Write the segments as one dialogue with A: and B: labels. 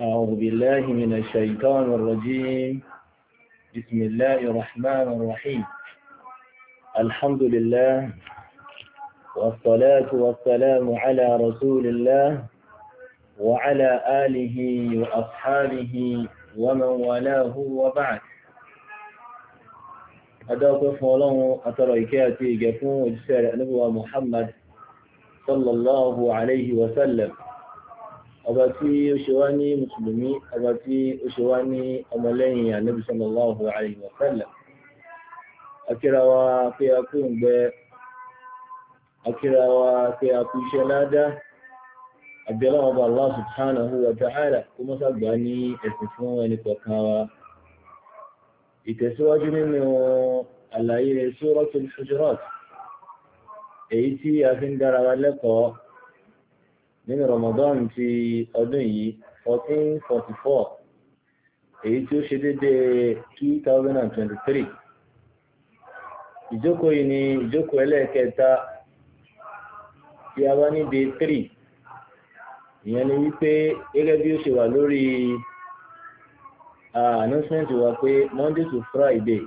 A: أعوذ بالله من الشيطان الرجيم بسم الله الرحمن الرحيم الحمد لله والصلاة والسلام على رسول الله وعلى آله وأصحابه ومن والاه وبعد أدعوكم الله أتركاتي جفون الشارع نبوة محمد صلى الله عليه وسلم ọba tí ó ṣe wá ní mùsùlùmí ọba tí ó ṣe wá ní ọmọlẹ́yìn ànábì sallallahu alaihi wa sallam akírawa pé a kú ìgbẹ́ akírawa pé a kú iṣẹ́ ládá àbẹ̀lẹ̀ ọba Allah subhanahu wa ta'ala kó mọ́sá gbà ní ẹ̀sìn fún ẹni kọ̀ọ̀kan wa ìtẹ̀síwájú nínú àlàyé suratul hujurat èyí tí a fi ń dára wa lẹ́kọ̀ọ́ nínú Ramadan ti ọdún yìí 1444 èyí tí ó ṣe dédé 2023 ìjókòó yìí ni ìjókòó ẹlẹ́ẹ̀kẹta tí a bá níbi 3 ìyẹn ni wípé gẹ́gẹ́ bí ó ṣe wà lórí ah, announcement wa pé Monday to Friday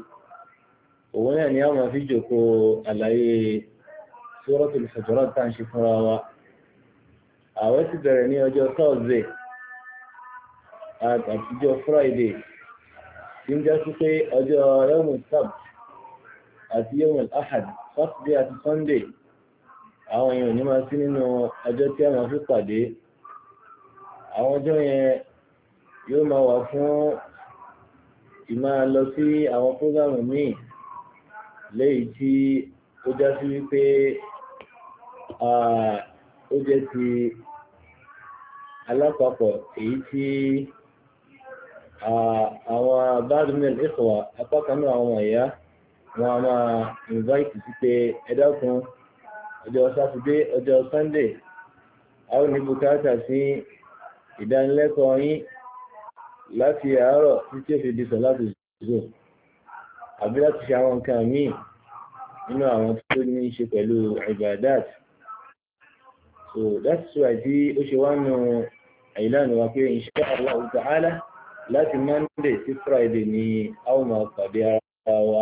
A: òun náà ni a máa fi jókòó àlàyé Suratul Hujurat tá à ń ṣe fúnra wa àwẹ̀ sì bẹ̀rẹ̀ ní ọjọ́ thursday àtijọ́ friday tí ń jásí pé ọjọ́ yomul sabt àti yomul ahad saturday àti sunday àwọn èèyàn ní máa sí nínú ọjọ́ tí a máa fi pàdé àwọn ọjọ́ yẹn yóò máa wà fún ìmáa lọ sí àwọn prógámù míì léyìí tí ó jásí wípé ó jẹ́ ti alápapọ̀ èyí tí àwọn badminton ìfọ̀wà apákanú àwọn ẹ̀yà wọn a máa invite sí pé ẹ̀dákun ọjọ́ sátidé ọjọ́ sunday a ó ní bùkátà sí ìdánilẹ́kọ̀ọ́ yín láti àárọ̀ títí ó fi di sọ láti zò àbí láti ṣe àwọn nǹkan míì nínú àwọn tó ní í ṣe pẹ̀lú ibadat so that's why tí ó ṣe wá nù èyí náà ni wà pé insha Allah ta'ala láti monday sí friday ni a ó máa pàdé ara wa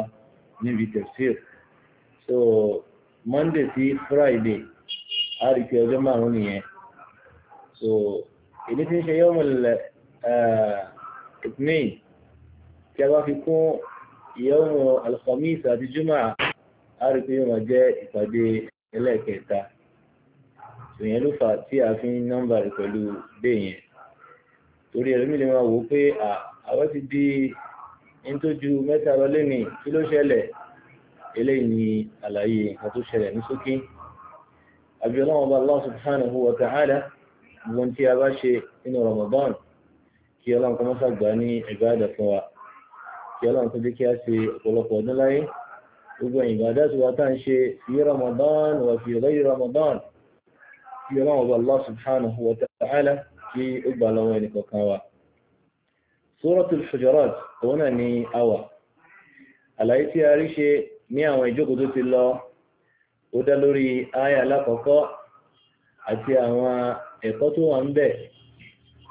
A: níbi tafsir so monday sí friday a rí pé ọjọ́ márùn nìyẹn so èyí tí ń ṣe yawmul ithnain tí a bá fi kún yawmul alkhamis àti jùmọ̀ a rí pé yóò jẹ́ ìpàdé ẹlẹ́ẹ̀kẹta ìyẹn ló fà tí a fi ń nọ́mbà rẹ̀ pẹ̀lú bẹ́ẹ̀ yẹn torí ẹlòmíì lè máa wò ó pé àwọn ti di nítòjú mẹ́ta lọ lẹ́nìí kí ló ṣẹlẹ̀ eléyìí ni àlàyé nǹkan tó ṣẹlẹ̀ ní ṣókí àbí ọlọ́run bá Allah subhanahu wa ta'ala gbọ́n tí a bá ṣe nínú Ramadan kí ọlọ́run kan mọ́sá gbà ní ìbáàdà fún wa kí ọlọ́run tó dé kí a ṣe ọ̀pọ̀lọpọ̀ ọdún láyé gbogbo ìbáàdà tí wa tá ń ṣe fi Ramadan wà fi ghayri Ramadan kí ọlọ́run bá Allah subhanahu wa ta'ala kí ó gbà lọ́wọ́ ẹnì wa. Suratul Hujurat òun náà ni a Àlàyé tí a rí ṣe ní àwọn ìjókòó ti lọ, ó dá lórí aya alákọ̀ọ́kọ́ àti àwọn ẹ̀kọ́ tó wà ń bẹ̀,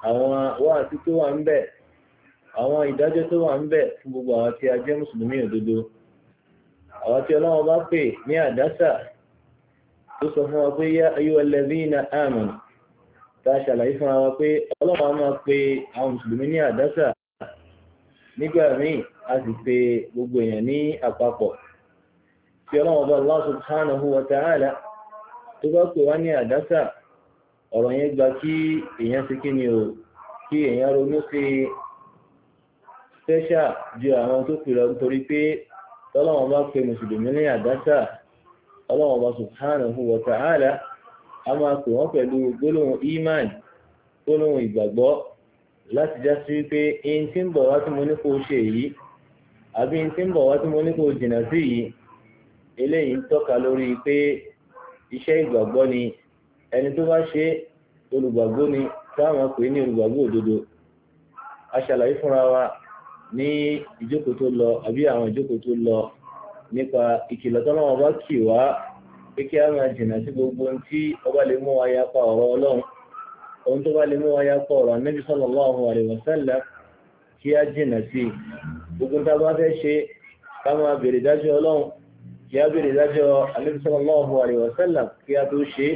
A: àwọn wáàsí tó wà ń bẹ̀, àwọn ìdájọ́ tó wà ń gbogbo a jẹ́ Mùsùlùmí òdodo. tó sọ fún wa pé yá ayyuhal ladhina amanu tá a ṣàlàyé fún wa pé ọlọ́run a máa pe àwọn mùsùlùmí ní àdásà nígbà míì a sì pe gbogbo èèyàn ní àpapọ̀ tí ọlọ́run bá Allah subhanahu wa ta'ala tó bá pè wá ní ni o kí èèyàn ronú sí ju àwọn tó pè lọ nítorí pé bá pe mùsùlùmí ní ọlọ́wọ́n bá subhanahu wa ta'ala a máa pè wọ́n pẹ̀lú gbólóhùn iman gbólóhùn ìgbàgbọ́ láti já sí pé ẹni tí ń bọ̀ wá tí mo ní kó ṣe yìí àbí ẹni tí ń bọ̀ wá tí mo ní kó jìnnà sí yìí eléyìí ń tọ́ka lórí pé iṣẹ́ ìgbàgbọ́ ni ẹni tó bá ṣe olùgbàgbọ́ ni táwọn pè ní olùgbàgbọ́ òdodo a ṣàlàyé fúnra wa ní ìjókòó tó lọ àbí àwọn ìjókòó tó lọ nípa ìkìlọ̀ tó náà bá kì wá pé kí a máa jìnnà sí gbogbo ohun tí ó bá lè mú wa yapa ọ̀rọ̀ ọlọ́run ohun tó bá lè mú wa yapa ọ̀rọ̀ anábì sallallahu alaihi wasallam kí a jìnnà sí gbogbo tá a bá fẹ́ ṣe ká máa bèrè dájọ́ ọlọ́run kí a bèrè dájọ́ anábì sallallahu alaihi wasallam kí a tó ṣe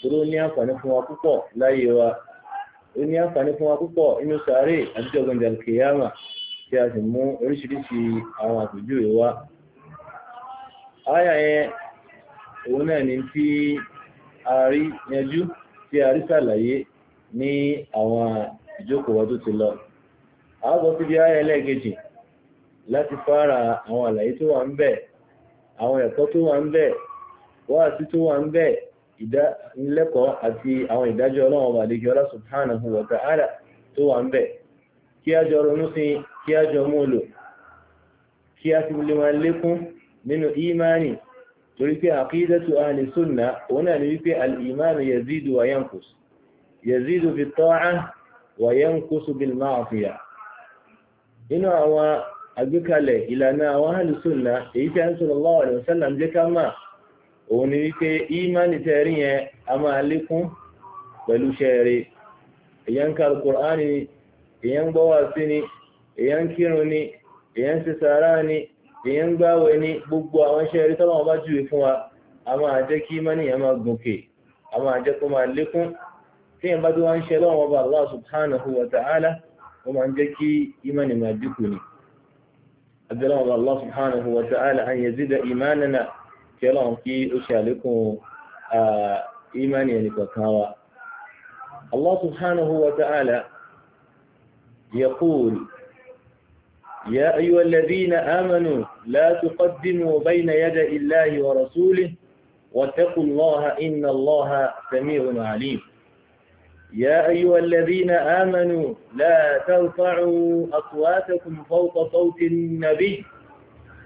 A: torí ó ní àǹfààní fún wa púpọ̀ láyé wa ó ní àǹfààní fún wa púpọ̀ inú sàárè àti ọgbọ̀n jàǹkìyàmà tí a sì mú oríṣiríṣi àwọn àpèjúwe wa àyà yẹn òun náà ni tí a rí yanjú tí a rí sàlàyé ní àwọn ìjókòó tó ti lọ àbọ̀ síbi àyà ẹlẹ́ẹ̀kejì láti fara àwọn àlàyé tó wà ń bẹ̀ àwọn ẹ̀kọ́ tó wà ń bẹ̀ wáàsí tó wà ń bẹ̀ ìdánilẹ́kọ̀ọ́ àti àwọn ìdájọ́ ọlọ́run àdéjọ ọlá subhanahu wa ta'ala tó wà ń bẹ̀ kí a jọ ronú sí kí a jọ mú nínú ìmánì torí pé àkídàtù ahli sunna òun náà ni wípé al-ìmánu yazidu wa yankus yazidu fi ta'a wa yankusu bil ma'asiya nínú àwọn àgbékalẹ̀ ìlànà àwọn ahli sunna èyí tí a ń sọ̀rọ̀ lọ́wọ́ àlẹ́ sálàm jẹ́ ká máa òun ni wípé ìmánì tẹ́rí yẹn a máa lékún pẹ̀lú ṣẹ́ẹ̀rẹ́ èyàn ka al èyàn gbọ́wà sí ni èyàn kírun ni èyàn ṣe sàárá ni èèyàn ń gbáwẹ̀ ní gbogbo àwọn iṣẹ́ eré tọ́lọ́wọ́n bá júwe fún wa a máa jẹ́ kí mọ́nìyàn máa gòkè a máa jẹ́ kó máa lékún tí èèyàn bá tó wá ń ṣe lọ́wọ́ ọba Allah subhanahu wa ta'ala wọ́n máa ń jẹ́ kí ìmánì máa dínkù ni abdullahi ọba Allah subhanahu wa ta'ala an yazida imanana kí ọlọ́run kí ó ṣe àlékún ìmánì ẹnì kọ̀ọ̀kan wa Allah subhanahu wa ta'ala yaqul يا أيها الذين آمنوا لا تقدموا بين يدي الله ورسوله واتقوا الله إن الله سميع عليم يا أيها الذين آمنوا لا ترفعوا أصواتكم فوق صوت النبي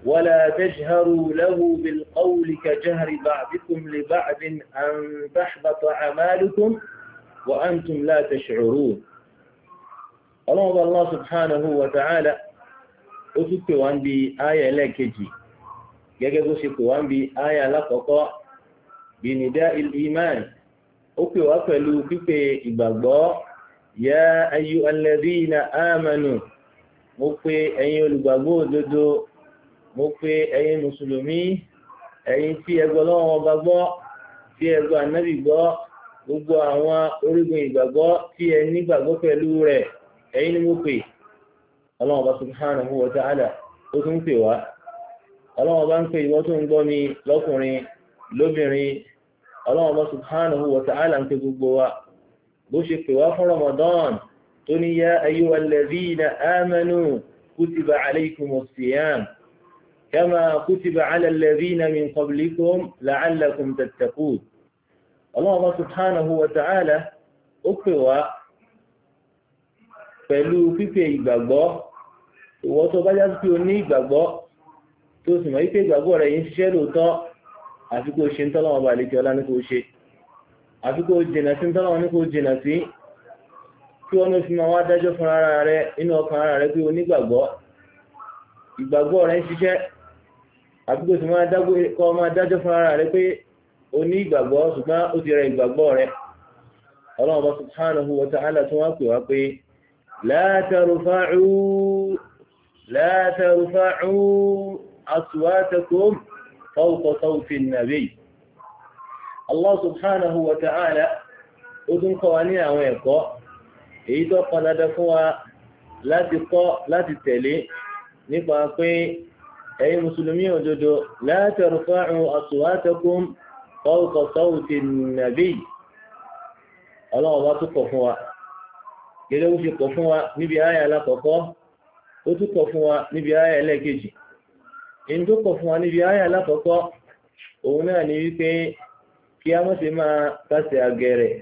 A: ولا تجهروا له بالقول كجهر بعضكم لبعض أن تحبط أعمالكم وأنتم لا تشعرون الله الله سبحانه وتعالى ó tún pè wá ń bi aya ẹlẹ́ẹ̀kejì gẹ́gẹ́ bó ṣe pè wá ń bi aya alákọ̀ọ́kọ́ bìnnìdá iman ó pè wá pẹ̀lú pípé ìgbàgbọ́ yá ayú alladhina amanu mo pè ẹ̀yin olùgbàgbọ́ òdodo mo pè ẹ̀yin mùsùlùmí ẹ̀yin tí ẹgbọ́ lọ́wọ́ wọn bá gbọ́ tí ẹgbọ́ ànábì gbọ́ gbogbo àwọn orígun ìgbàgbọ́ tí ẹ nígbàgbọ́ pẹ̀lú rẹ̀ ẹ̀yin ni mo pè é ọlọ́run bá subhanahu wa ta'ala ó tún pè wá ọlọ́run bá ń pè ìwọ tó ń gbọ́ mi lọ́kùnrin lóbìnrin ọlọ́run bá subhanahu wa ta'ala ń pè gbogbo wa bó ṣe pè wá fún Ramadan tó ní yá ayyuhal ladhina amanu kutiba alaykumus siyam kama kutiba ala alladhina min qablikum la'allakum tattaqun ọlọ́run bá subhanahu wa ta'ala ó pè wá pẹ̀lú fífi ìgbàgbọ́ ìwọ tó bá já sí o ní ìgbàgbọ́ tó sì mọ̀ wípé ìgbàgbọ́ rẹ̀ yìí ń ṣiṣẹ́ lóòótọ́ àfi kó o ṣe ń tọ́lọ́wọ́n bá lè ọlá ní kó o ṣe àfi kó o jìnà sí ń ní kó o jìnà sí kí wọ́n fi máa wá dájọ́ fún ara rẹ nínú ọkàn ara rẹ pé o nígbàgbọ́ ìgbàgbọ́ rẹ ń ṣiṣẹ́ àfi kó o máa dájọ́ fún látàrùfáàrù látàrùfáàrù aswatakum fawqa sawti an-nabi Allah subhanahu wa ta'ala ó tún kọ́ wa ní àwọn ẹ̀kọ́ èyí tó kọ́ dáadáa fún wa láti kọ́ láti tẹ̀lé nípa pé ẹ̀yin mùsùlùmí òdodo látàrùfáàrù aswatakum fawqa sawti an-nabi ọlọ́wọ́ bá tún kọ̀ fún wa gẹ́gẹ́ bó ṣe kọ̀ fún wa níbi ayé alákọ̀ọ́kọ́ ó tún kọ̀ fún wa níbi ayé ẹlẹ́ẹ̀kejì in tó kọ̀ fún wa níbi ayé alákọ̀ọ́kọ́ òun náà ni wípé kí a mọ́sí máa kásẹ̀ àgẹ̀rẹ̀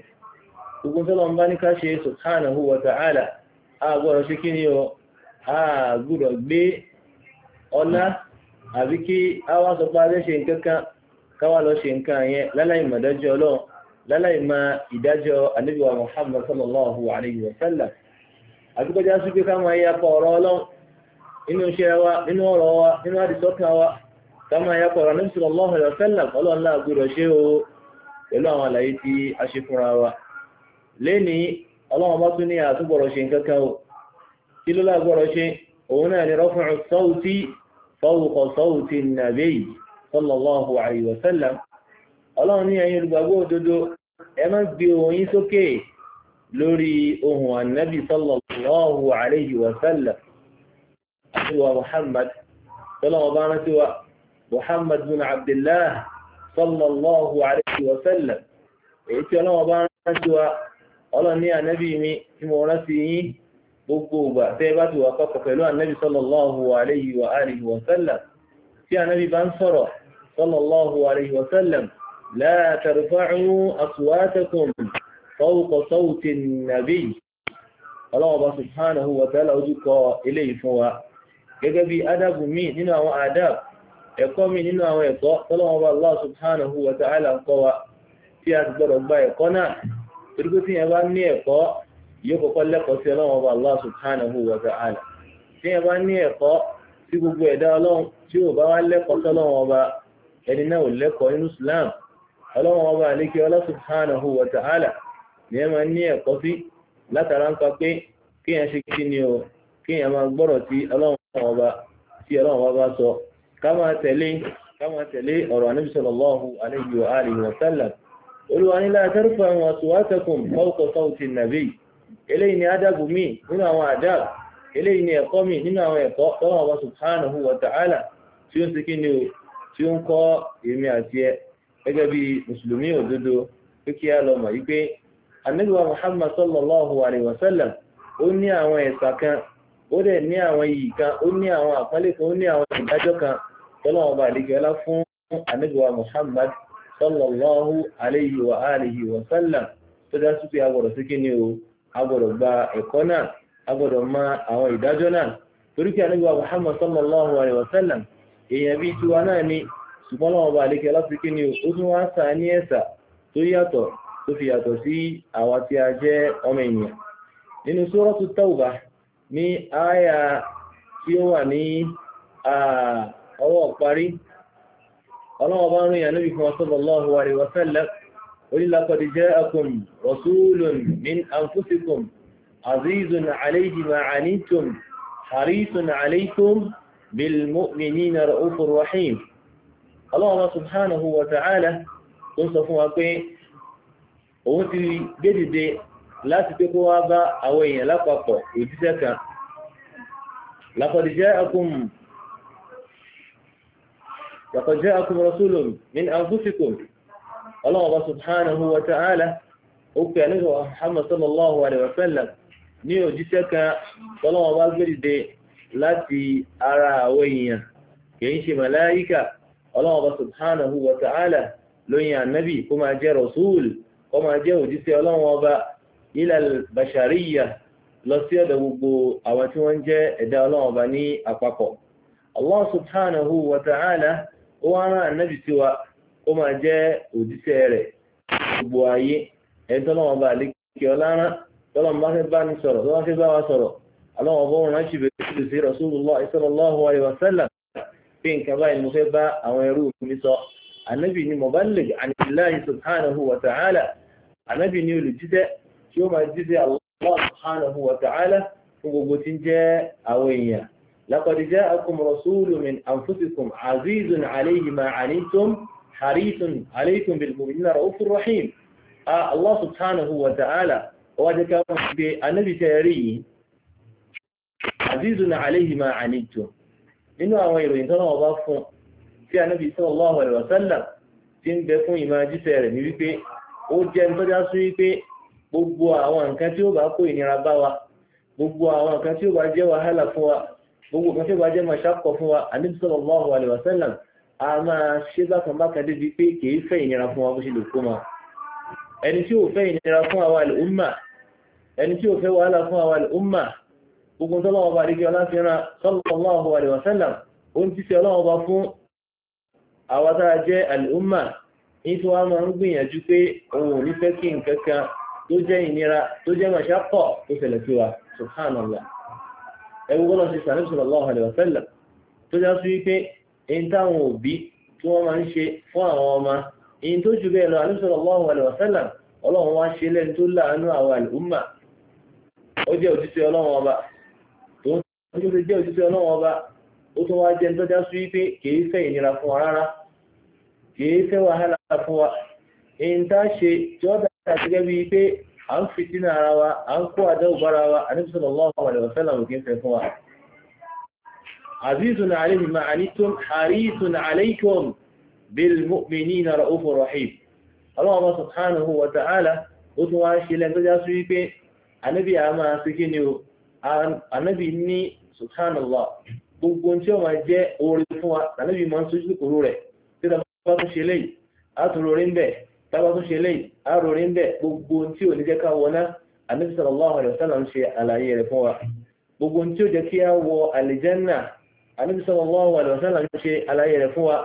A: gbogbo tọ́lọ̀ ń bá ní káṣe subhanahu wa láláì ma ìdájọ́ ànábìwá Muhammad sallallahu alayhi wa sallam àdúgbòjá sí pé ká máa yapa ọ̀rọ̀ ọlọ́run nínú iṣẹ́ wa nínú ọ̀rọ̀ wa nínú àdìsọ́kàn wa ká máa yapa ọ̀rọ̀ ànábì sallallahu alayhi wa sallam ọlọ́run náà gbọ́dọ̀ ṣe o pẹ̀lú àwọn àlàyé tí a ṣe fúnra wa lẹ́ni ọlọ́run bá tún ní àtúgbọ̀rọ̀ ṣe nǹkan kan o sallallahu alayhi wa sallam ọlọ́run ní ẹ̀yin olùgbàgbọ́ òdodo ẹ má gbé ohùn yín sókè lórí ohùn ànábì sallallahu alayhi wa sallam àti wa muhammad sọlọ́wọ́ bá rántí wa muhammad bin abdullah sallallahu alayhi wa sallam èyí tí ọlọ́wọ́ bá rántí wa ọlọ́run ní ànábì mi tí mo rántí yín gbogbo ìgbà tẹ́ bá ti wà papọ̀ pẹ̀lú ànábì sallallahu alayhi wa sallam tí ànábì bá ń sọ̀rọ̀ sallallahu alayhi wa sallam لا ترفعوا أصواتكم فوق صوت النبي الله سبحانه وتعالى ojúkọ eléyìí fún wa gẹ́gẹ́ bí adágún mi nínú àwọn adab ẹ̀kọ́ mi nínú àwọn ẹ̀kọ́ tọ́lọ́wọ́ bá Allah subhanahu wa ta'ala ń kọ́ wa tí a ti gbọ́dọ̀ gba ẹ̀kọ́ náà torípé tí yẹn bá ní ẹ̀kọ́ yóò kọ́kọ́ lẹ́kọ̀ọ́ sí ọlọ́wọ́ bá Allah subhanahu wa ta'ala tí yẹn bá ní ẹ̀kọ́ sí gbogbo ẹ̀dá ọlọ́run tí ò bá wá lẹ́kọ̀ọ́ sọ́lọ́wọ́ bá ẹni náà ò lẹ́kọ̀ọ́ nínú Islam ọlọ́wọ́n ọba àlékè ọlá subhanahu wa ta'ala ní ẹ máa ní ẹ̀kọ́ sí látara ń pa pé kéèyàn ṣe kí ni o kéèyàn máa gbọ́rọ̀ tí ọlọ́wọ́n ọba tí ọlọ́wọ́n ọba sọ ká máa tẹ̀lé ká máa tẹ̀lé ọ̀rọ̀ ànábì sallallahu alayhi wa alihi wa sallam olúwa ní la tarfa'u aswatakum fawqa sawti an eléyìí ni adágún mi nínú àwọn àdáàbò eléyìí ni ẹ̀kọ́ mi nínú àwọn ẹ̀kọ́ tọ́wọ́ ọba subhanahu wa tí ó ń ti kí ni o tí ó ń kọ́ èmi àti ẹ gẹ́gẹ́ bí mùsùlùmí òdodo dúkìá lọ́mọ yìí pé anigba muhammad sallallahu alaihi wa sallam ó ní àwọn ẹ̀sà kan ó dẹ̀ ní àwọn iyì kan ó ní àwọn àpọ́nlé kan ó ní àwọn ìdájọ́ kan bá ọlá muhammad sallallahu alaihi wa alihi sallam tó dá sí pé agbọ̀dọ̀ sí kí ni o gba ẹ̀kọ́ náà mọ àwọn ìdájọ́ náà muhammad sallallahu alaihi wa èèyàn bíi tiwa náà ni ṣùgbọ́n lọ́wọ́ bá àlékẹ́ láti kí ni ó tún wá sá ní ẹ̀sà tó yàtọ̀ tó fi yàtọ̀ sí àwa tí a jẹ́ ọmọ ènìyàn nínú Suratu Tawba ní àyà tí ó wà ní ọwọ́ parí ọlọ́wọ́ ń rìn ànábì bil mu'minina ra'ufur rahim Allah subhanahu wa ta'ala tó ń sọ fún wa pé òun ti gbé láti pé kó wá bá àwọn èèyàn lápapọ̀ òjíṣẹ́ kan laqad ja'akum laqad ja'akum rasulun wa ta'ala ó pè àníkò sallallahu alaihi wa sallam ní òjíṣẹ́ kan tọ́lọ́wọ́ ọlọ́run bá subhanahu wa ta'ala lóyìn ànábì kó máa jẹ́ rasul kó máa jẹ́ òjíṣẹ́ ọlọ́run ọba ilẹ̀ bashariya lọ sí ọ̀dọ̀ gbogbo àwọn tí wọ́n jẹ́ ẹ̀dá ọlọ́run ọba ní àpapọ̀ allah subhanahu wa ta'ala ó wá rán ànábì sí wa kó máa jẹ́ òjíṣẹ́ rẹ̀ gbogbo ayé ẹ̀dá ọlọ́run ọba àlékè ọlárán tọ́lọ́n bá fẹ́ bá ní sọ̀rọ̀ tọ́lọ́n fẹ́ bá wa sọ̀rọ̀ ọlọ́run ọba òun ránṣẹ́ pé nǹkan báyìí mo fẹ́ bá àwọn ẹrú mi sọ ànábì ni mo bá ń lè àníláhi subhanahu wa ta'ala ànábì ni olùjíṣẹ́ tí ó máa jíṣẹ́ Allah subhanahu wa ta'ala fún gbogbo tí ń jẹ́ àwọn èèyàn laqad ja'akum rasulun min anfusikum azizun alayhi ma anittum harisun alaykum bil mu'minina ra'ufur rahim Allah subhanahu wa ta'ala wa jẹ́ ká mọ̀ pé ànábì tẹ̀rí yìí azizun alayhi ma anittum nínú àwọn ìròyìn tó náà bá fún tí anábì sallallahu alaihi wasallam ti ń bẹ fún ìmọ̀ jíṣẹ́ rẹ̀ ní wípé ó jẹ́ ní tọ́já sí wípé gbogbo àwọn nǹkan tí ó bá kó ìnira bá wa gbogbo àwọn nǹkan tí ó bá jẹ́ wàhálà fún wa gbogbo nǹkan tí ó bá jẹ́ mọ̀ṣákọ̀ fún wa anábì sallallahu alaihi wasallam a máa ṣe bákan bákan débi pé kìí fẹ́ ìnira fún wa bó ṣe lè kó ma ẹni tí ó fẹ́ ìnira fún àwa al-umma ẹni tí ó fẹ́ wàhálà fún àwa al-umma ogun tó lọ́wọ́ bá rígbé ọláfíran sallallahu alaihi wasallam ó ń tíṣẹ́ ọlọ́wọ́ bá fún àwátára jẹ́ al'umma ní tí wọ́n máa ń gbìyànjú pé ohun ní fẹ́ kí nǹkan kan tó jẹ́ ìnira tó jẹ́ màṣápọ̀ tó ṣẹlẹ̀ sí wa subhanallah ẹgbẹ́ gbọ́dọ̀ ṣe sàánú sallallahu alaihi wasallam tó já sí wípé in táwọn òbí tí wọ́n máa ń ọlọ́run wá ṣe lẹ́ni tó láàánú àwọn al'umma ó jẹ́ òjíṣẹ́ ọlọ́run ọba ọjọ́ tó jẹ́ òṣìṣẹ́ ọlọ́run ọba ó tún wá jẹ́ tọ́já sí wípé kìí fẹ́ ìnira fún wa rárá kìí fẹ́ wàhálà fún wa èyí tá a ṣe tí ó dára gẹ́gẹ́ bíi pé à ń fìtínà ara wa à ń kó àdáwò bára wa ànábì sallallahu alaihi wasallam kìí fẹ́ fún wa. azizun alayhi ma anitum harisun alaykum bil mu'minina ra'ufur rahim Allah subhanahu wa ta'ala ó tún wá ṣe lẹ́ńtọ́já sí wípé ànábì àmà sí kí ni o ànábì ní subhanallah gbogbo tí ó máa jẹ́ oore fún wa tàbí máa ń sojú kòrò rẹ̀ tí tàbá tún ṣe léyìí a tún rorí ń bẹ̀ tàbá tún ṣe léyìí a rorí ń bẹ̀ gbogbo tí ò ní jẹ́ ká wọná ànábì sallallahu alaihi wasallam ń ṣe àlàyé rẹ̀ fún wa gbogbo tí ó jẹ́ kí a wọ àlìjẹ́nà ànábì sallallahu alaihi wasallam ń ṣe àlàyé rẹ̀ fún wa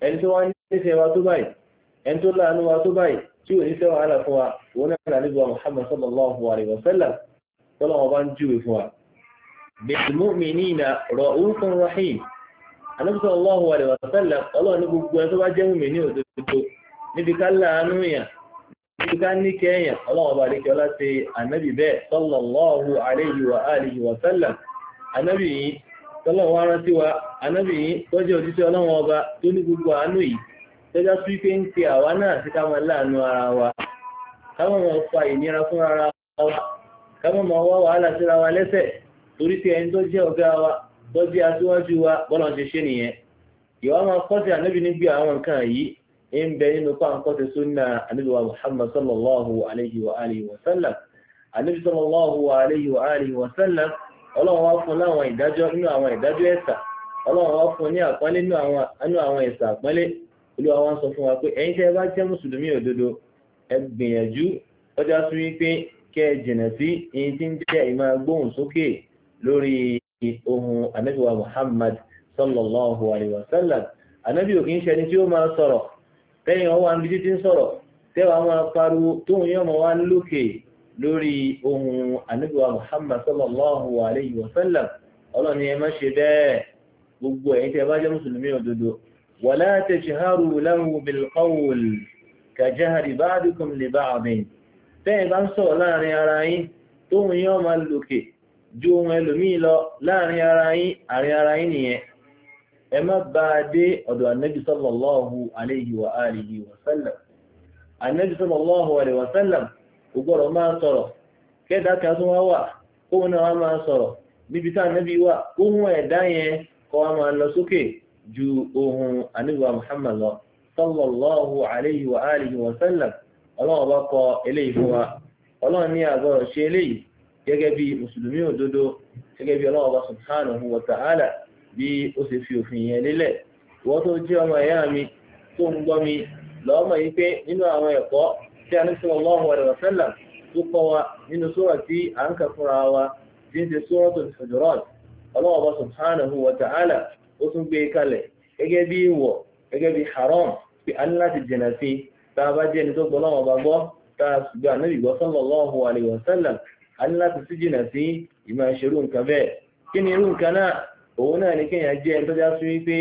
A: ẹni tó wá nífẹ̀ẹ́ wa tó báyìí ẹni tó láàánú wa tó báyìí tí ò nífẹ̀ẹ́ wa hàlà fún wa òun náà nàbí wa Muhammad sallallahu alaihi wasallam tọ́lọ́wọ́ bá ń júwe fún wa bilmu'minina ra'ufun rahim anábìsọ ọlọ́hùn wà lẹ́wà sẹ́lẹ̀ ọlọ́run ní gbogbo ẹ tó bá jẹ́ mùmí ní òdodo níbi ká láàánú yàn níbi ká ní kẹ́yàn ọlọ́run bá lékẹ́ ọlá ti anábì bẹ́ẹ̀ sallallahu alayhi wa alihi wa sallam anábì yìí tọ́lọ́run wá rántí wa anábì yìí tọ́jú òjíṣẹ́ ọlọ́run ọba tó ní gbogbo àánú yìí tẹ́já sí pé ń pe àwa náà sí ká máa láàánú ara wa ká máa fa ìnira fún ara wa ká máa wá wàhálà síra wa lẹ́sẹ̀ torí pé ẹni tó jẹ́ ọ̀gá wa tó jẹ́ aṣíwájú wa bọ́lá ṣe ṣe nìyẹn ìwà máa kọ́sí ànábì níbi àwọn nǹkan yìí ń bẹ nínú pàǹkọ́sí súnà ànábì wa muhammad sallallahu alayhi wa alihi wa sallam sallallahu alayhi wa alihi wa sallam ọlọ́run wá fún láwọn ìdájọ́ nínú lórí ohun anábíwa Muhammad sallallahu alayhi wa sallam anábí òkín ṣe ni tí ó máa sọ̀rọ̀ tẹ́yìn ọwọ́ àmì títí ń sọ̀rọ̀ tẹ́wàá máa pariwo tóun yóò máa wá lókè lórí ohun anábíwa Muhammad sallallahu alayhi wa sallam ọlọ́ni ẹ má ṣe bẹ́ẹ̀ gbogbo ẹ̀yin tẹ́ bá jẹ́ mùsùlùmí òdodo wala tajharu lahu bil qawl kàjáhàrí bá dùkùn lè tẹ́yìn bá ń sọ̀rọ̀ láàrin ara yín tóun yóò máa lókè ju ohun ẹlòmíì lọ láàrin ara yín àrin ara yín nìyẹn ẹ má bá a dé ọ̀dọ̀ ànábì sallallahu alayhi wa alihi wa sallam ànábì sallallahu alayhi wa sallam kò gbọ́dọ̀ máa sọ̀rọ̀ kẹ́ẹ̀dá kan tó wá wà kóhun náà wá máa sọ̀rọ̀ níbi tá ànábì wà kóhun ẹ̀dá yẹn kọ́ wá máa lọ sókè ju ohun ànábì Muhammad lọ sallallahu alayhi wa alihi ọlọ́run bá kọ eléyìí fún wa ọlọ́run ní àgọ́rọ̀ ṣe eléyìí gẹ́gẹ́ bí mùsùlùmí òdodo gẹ́gẹ́ bí ọlọ́wọ́ bá subhanahu wa ta'ala bí ó ṣe fi òfin yẹn lélẹ̀ ìwọ́n tó jẹ́ ọmọ ẹ̀yà mi tó ń gbọ́ mi lọ́ọ́mọ̀ yìí pé nínú àwọn ẹ̀kọ́ tí a ní sọ ọlọ́run wa rẹ̀ sẹ́là tó kọ́ wa nínú sóra tí à ń kà fúnra wa tí ń ṣe sóra tó ti fẹ̀dọ̀rọ̀ ọlọ́wọ́ bá subhanahu wa ó tún gbé e kalẹ̀ gẹ́gẹ́ bí ìwọ̀ gẹ́gẹ́ bí haram pé a ní láti jìnà sí tá a bá jẹ́ ẹni tó gbọ́ lọ́wọ́ bá gbọ́ tá a gbà níbi gbọ́ a ní láti sí jìnà sí ìmọ̀ ìṣerú nǹkan bẹ́ẹ̀ kí ni irú nǹkan náà òun náà ní kéèyàn jẹ́ ẹni tó já sí wípé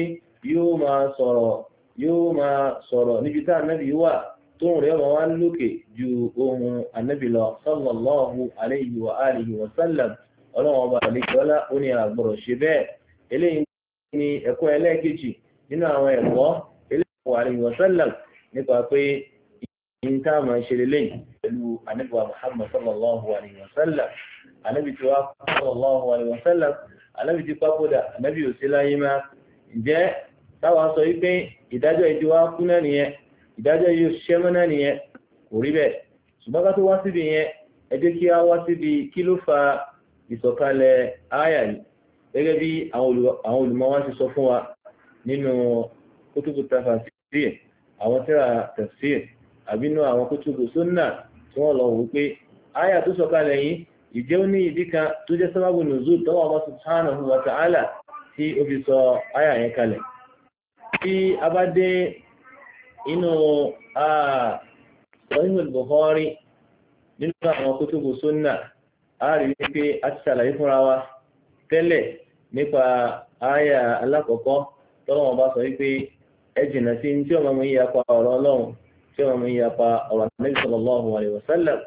A: yóò máa sọ̀rọ̀ yóò máa sọ̀rọ̀ níbi tá ànábì wà tóun rẹ̀ máa wá lókè ju ohun ànábì lọ sallallahu alayhi wa alihi wa sallam ọlọ́run ọba àlejòọ́lá ó ní àgbọ̀rọ̀ ṣe bẹ́ẹ̀ eléyìí ni ẹ̀kọ́ ẹlẹ́ẹ̀kejì nínú àwọn ẹ̀kọ́ eléyìí wà àlejò wa sallam nípa pé ìyìn tá a ṣe lélẹ́yìí pẹ̀lú anábíwá Muhammad sallallahu alayhi wa sallam anábí ti wá sallallahu alayhi wa sallam anábí ti pápódà anábí ò sí láyé máa ǹjẹ́ táwa sọ wípé ìdájọ́ ìdí wá kú náà nìyẹn ìdájọ́ yìí ṣẹ́mọ́ náà nìyẹn kò rí bẹ́ẹ̀ ṣùgbọ́n ká tó wá síbi yẹn ẹ jẹ́ kí a wá síbi kí ló fa ìsọ̀kalẹ̀ ááyà yìí gẹ́gẹ́ bí àwọn olùmọ̀ wa ṣe sọ fún wa nínú kótópó tafsir àwọn tírà tafsir àbínú àwọn kótópó sunnah tí wọ́n lọ wò pé àyà tó sọ̀kalẹ̀ yìí ìjẹ́ ó ní ìdí kan tó jẹ́ sábàbù nùzú tọ́wọ́ ọba subhanahu wa ta'ala tí ó fi sọ yẹn kalẹ̀ tí a bá dé inú sahihul bukhari nínú àwọn kutubu sunna a rí wípé a ti ṣàlàyé fúnra wa tẹ́lẹ̀ nípa àyà alákọ̀ọ́kọ́ tọ́wọ́ ọba sọ wípé ẹ jìnnà sí ní tí ọmọ mi yà tí wọ́n ń yapa ọ̀rọ̀ Ànábì sallallahu alaihi wasallam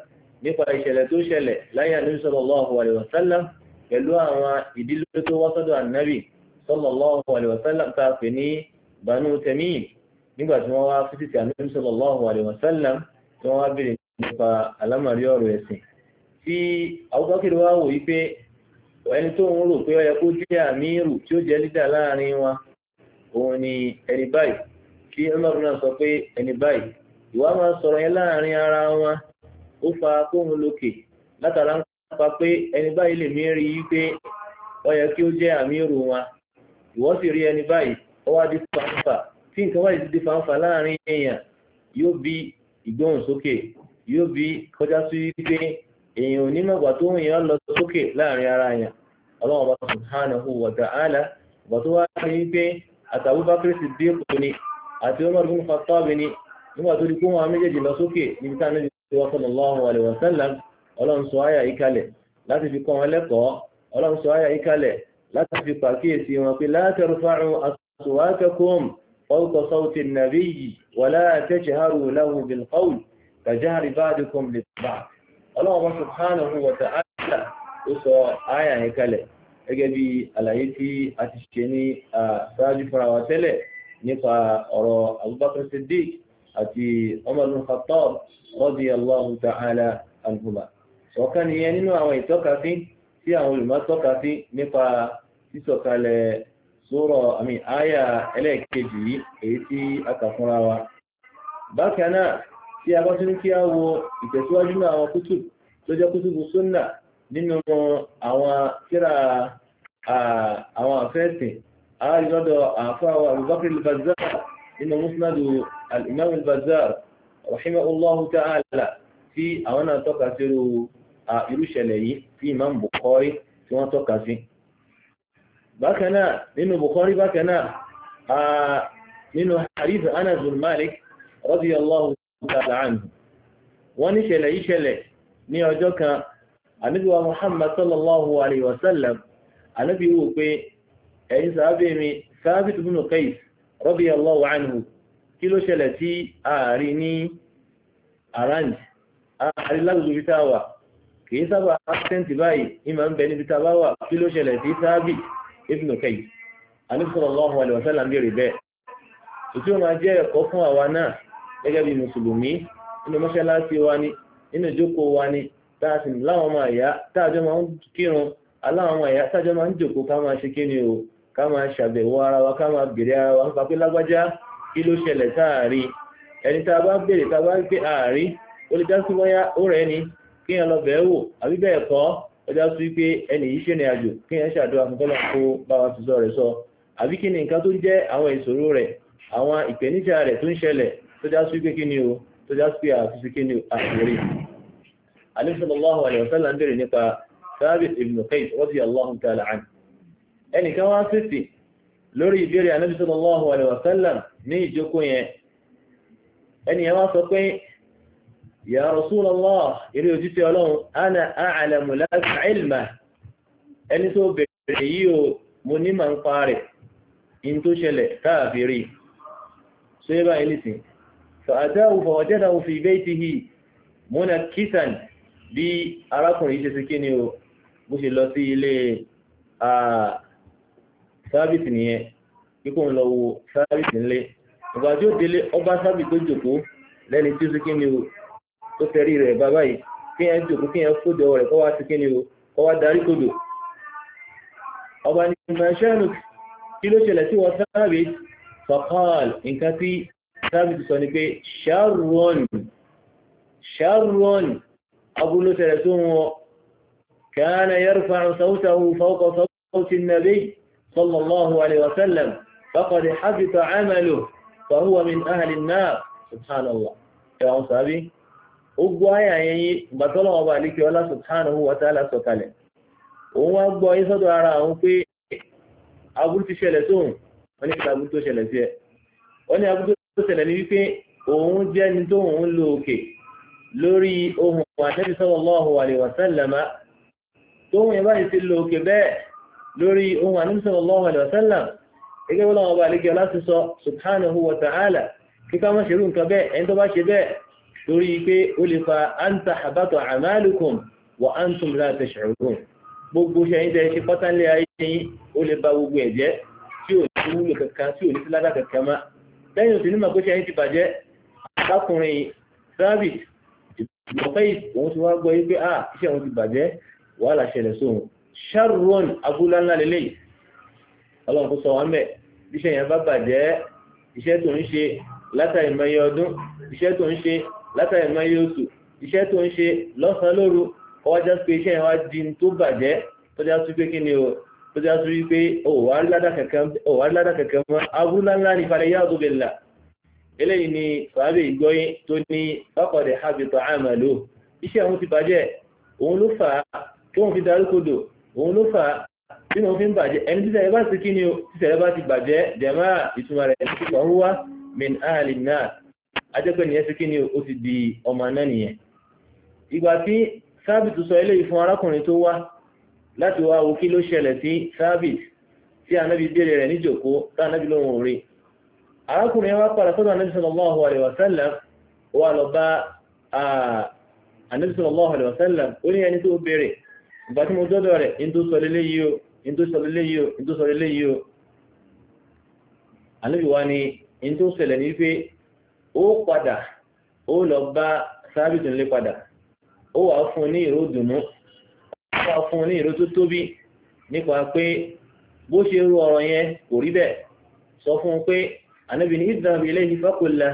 A: nípa ìṣẹ̀lẹ̀ tó ṣẹlẹ̀ láyé Ànábì sallallahu alaihi wasallam pẹ̀lú àwọn ìdílé tó wá sọ́dọ̀ Ànábì sallallahu alaihi wasallam tá a pè ní Banu Tamim nígbà tí wọ́n wá fítì sí Ànábì sallallahu alaihi wasallam tí wọ́n wá bèrè ìwà máa sọ̀rọ̀ yẹn láàrin ara wọn ó fa kóhun lókè látara ń pa pé ẹni báyìí lè mí rí i pé ó yẹ kí ó jẹ́ àmì ìrù wọn ìwọ sì rí ẹni báyìí ó wá di fanfa tí nǹkan wáyé ti di fanfa láàrin èèyàn yóò bí ìgbóhùn sókè yóò bí kọjá sí pé èèyàn ò ní mọ̀gbà tó ń yàn lọ sókè láàrin ara yẹn ọlọ́run bá subhanahu wa ta'ala ọ̀gbà tó wá rí i pé àtàwọn bá kérésì dín kò ní àti Umar bin Khattab ni nígbà tó di kó wọn méjèèjì lọ sókè níbi tá níbi tí wọ́n sọ̀rọ̀ lọ́wọ́ àlèwọ̀ sẹ́lẹ̀m ọlọ́run sọ àyà yìí kalẹ̀ láti fi kọ́ wọn lẹ́kọ̀ọ́ ọlọ́run sọ àyà yìí kalẹ̀ láti fi pàkíyèsí wọn pé la tarfa'u aswatakum fawqa sawti an-nabiyyi wa la tajharu lahu bil-qawli kajahri ba'dikum li ba'd ọlọ́run subhanahu wa yìí kalẹ̀ gẹ́gẹ́ bí àlàyé tí a ti ṣe àti Umar ibn Khattab radiyallahu ta'ala anhuma. ọ̀kan nìyẹn nínú àwọn ìtọ́kasí tí àwọn olùmọ̀ tọ́ka sí nípa sísọ̀kalẹ̀ sura àmì àyà ẹlẹ́ẹ̀kejì yìí èyí tí a kà fúnra wa. bákan náà tí a bá tún kí á wo ìtẹ̀síwájú náà àwọn kútù tó jẹ́ kútùbù súnnà nínú àwọn tírà àwọn àfẹ́sìn àárín lọ́dọ̀ àfáwà Abubakar al nínú musnadu al-imam al-bazar rahimahullahu ta'ala tí àwọn náà tọ́ka sí irúṣẹ̀lẹ̀ yìí tí imam bukhari tí wọ́n tọ́ka sí bákan náà nínú bukhari bákan náà nínú hadith anas bin malik radiyallahu ta'ala anhu wọ́n ní ṣẹlẹ̀ yìí ṣẹlẹ̀ ní ọjọ́ kan àníbíwa muhammad sallallahu alaihi wasallam àníbí wò pé ẹ̀yin sàábẹ̀ mi sábìt bin qais radiyallahu anhu kí ló ṣẹlẹ̀ tí ààrí ní around ààrí lágbègbè bí tá a wà kì í sábà absent báyìí ìmọ̀ ń bẹ níbi tá a bá wà kí ló ṣẹlẹ̀ sí sáábì ibn kayi alẹ́sọ̀rọ̀lọ́hùn alẹ́wọ̀sálà ń bèèrè bẹ́ẹ̀ ìtí ó máa jẹ́ ẹ̀kọ́ fún àwa náà gẹ́gẹ́ bí mùsùlùmí nínú mọ́ṣáláṣí wa ni nínú ìjókòó ká máa ṣàbẹ̀wò ara wa ká máa bèèrè ara wa ń papé lágbájá kí ló ṣẹlẹ̀ táàrí ẹni tá a bá bèèrè tá a bá ń pé ààrí ó lè dásí wáyá ó rẹ̀ ni kí èèyàn lọ bẹ̀ẹ́ wò àbí bẹ́ẹ̀ kọ́ ó dásí wípé ẹni yìí ṣèrìn àjò kí kó bá wa sọ rẹ̀ sọ àbí kí ni nǹkan tó jẹ́ àwọn ìṣòro rẹ̀ o tó àfisí kí ni àṣírí ń nípa ẹnìkan wá fèsì lórí ìbéèrè anábì sallallahu alaihi wasallam ní ìjókòó yẹn ẹni yẹn wá sọ pé ya Rasulullah eré òjútì ọlọ́run ana a'lamu laka ilma ẹni tó bèèrè yìí o mo ní màá ń pa rẹ̀ in tó ṣẹlẹ̀ káàfìrí ṣé báyìí nìsín fàádáwù fàwọ̀jẹ́dáwù fi baytihi múnà kìtàn bí arákùnrin ṣe sí kí ni o bó ṣe lọ sí ilé sábìtì nìyẹn kíkó ń lọ wo sábìtì ńlẹ̀ ọba tí ó délé ọba sábìtì tó jòkó lẹ́ni tí ó sì kíni o tó fẹ́rí rẹ̀ bàbá yìí kíyàn jòkó kíyàn kódò rẹ̀ kọ́ wá sí kíni o kọ́ wá darí kódò ọba ní mẹ́ṣẹ́nù kí ló ṣẹlẹ̀ sí wọ́n sábìtì fàkàl nǹkan tí sábìtì sọ ni pé sharon sharon abúlé ṣẹlẹ̀ tó wọn kí á na yẹrù fa àwọn sáwùtà òun fọ́kọ̀ sáwùtì nàbẹ́yìí صلى الله عليه وسلم فقد حبط عمله فهو من أهل النار سبحان الله يا صحابي ogbó ayà yẹn gbàtọ́lọ̀ ọba àlíkẹ́ ọlá subhanahu wa sọ̀kalẹ̀ òun wá gbọ́ ara àwọn pé ti ṣẹlẹ̀ sóhun wọ́n tó ṣẹlẹ̀ sí ẹ̀ wọ́n tó ṣẹlẹ̀ ní wípé òun tó lo òkè lórí ohun àtẹ́bí alaihi wa sallama báyìí ti lo òkè lórí ohun àníṣẹ́lọ́wọ́ àlẹ́wọ̀sẹ́là gẹ́gẹ́ wọ́n ọba àlejò láti sọ subhanahu wa ta'ala kíká má ṣerú nǹkan bẹ́ẹ̀ ẹni tó bá ṣe bẹ́ẹ̀ lórí pé ó lè fa anta habatọ̀ amalukum wa antum la tash'urun gbogbo ṣẹyìn tẹ tí ò gbọ́ yí pé ah iṣẹ́ òun ti bàjẹ́ wàhálà ṣẹlẹ̀ sóhun ṣarron abúláńlá lélẹ́yìí ọlọ́run kó sọ wọn bẹ́ẹ̀ bí iṣẹ́ yẹn bá bàjẹ́ iṣẹ́ tó ń ṣe látàrí mẹ́yẹ ọdún iṣẹ́ tó ń ṣe látàrí mẹ́yẹ oṣù iṣẹ́ tó ń ṣe lọ́sàn-án lóru ọwọ́já pé iṣẹ́ yẹn wá di tó bàjẹ́ tọ́já sí pé kí ni o tọ́já sí pé òwárí ládà kẹ̀kẹ́ mọ́ abúláńlá ní falẹ̀ yá ọdún bẹ̀lá eléyìí ni fàábẹ̀ ìgbọ́yìn tó ní fákọ̀dẹ̀ hábitọ̀ àmàlò iṣẹ́ òun ti bàjẹ́ òun ló fà á kí wọ́n fi darúkodò òun ló fà tí mo fi ń bàjẹ́ ẹni tí sẹ̀rẹ̀ bá ti kí ni o tí bá ti min ahli náà ajẹ́pẹ́ nìyẹn ti kí ni o ti di ọmọ náà nìyẹn ìgbà tí sábìtì sọ eléyìí fún arákùnrin tó wá láti wá wo kí ló ṣẹlẹ̀ sí sábìtì tí anábì anabi rẹ̀ níjòkó tá anábì lóhun arákùnrin wa padà sọ́dọ̀ anábì sallallahu alaihi wà lọ bá anábì ìgbà tí mo dọ́dọ̀ rẹ̀ in tó sọ lélé yìí o in tó sọ lélé yìí o in tó sọ lélé yìí o ànábì wa ni in tó ṣẹlẹ̀ ní pé ó padà ó lọ bá sábìtì nílé padà ó wà fún ní ìró dùnú ó wà fún ní ìró tó tóbi nípa pé bó ṣe rú ọ̀rọ̀ yẹn kò rí bẹ́ẹ̀ sọ fún un pé ànábì ní ìdánwò ilé yìí fákòlá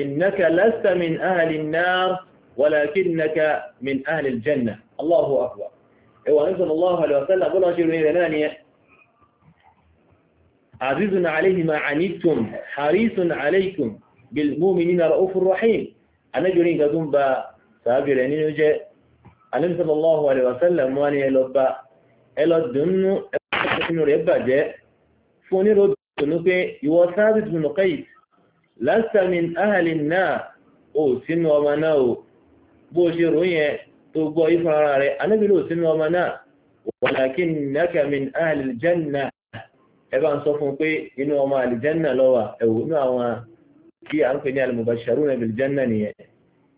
A: إنك لست من أهل النار ولكنك من أهل الجنة الله أكبر ẹwà ní sọ̀nà lọ́wọ́ àlẹ́ ọ̀sẹ́lá bọ́lá ṣe rìn rẹ̀ náà ni ẹ azizun alayhi ma anitum harisun alaykum bil mu'minina ra'ufur rahim anabirin ga tun ba sahabi rẹ̀ nínú jẹ́ alim sallallahu alaihi wasallam wa ni ẹlọ ba ẹlọ dunnu ẹlọ rẹ̀ tó gbọ́ ifá ara rẹ̀ anábìlò sínú ọmọ náà wàlákín náka min ahlil janna ẹbá ń sọ fún pé inú ọmọ alìjanna lọ́wà ẹ̀wù inú àwọn tí a ń pè ní al-mubashsharuna bil janna nìyẹn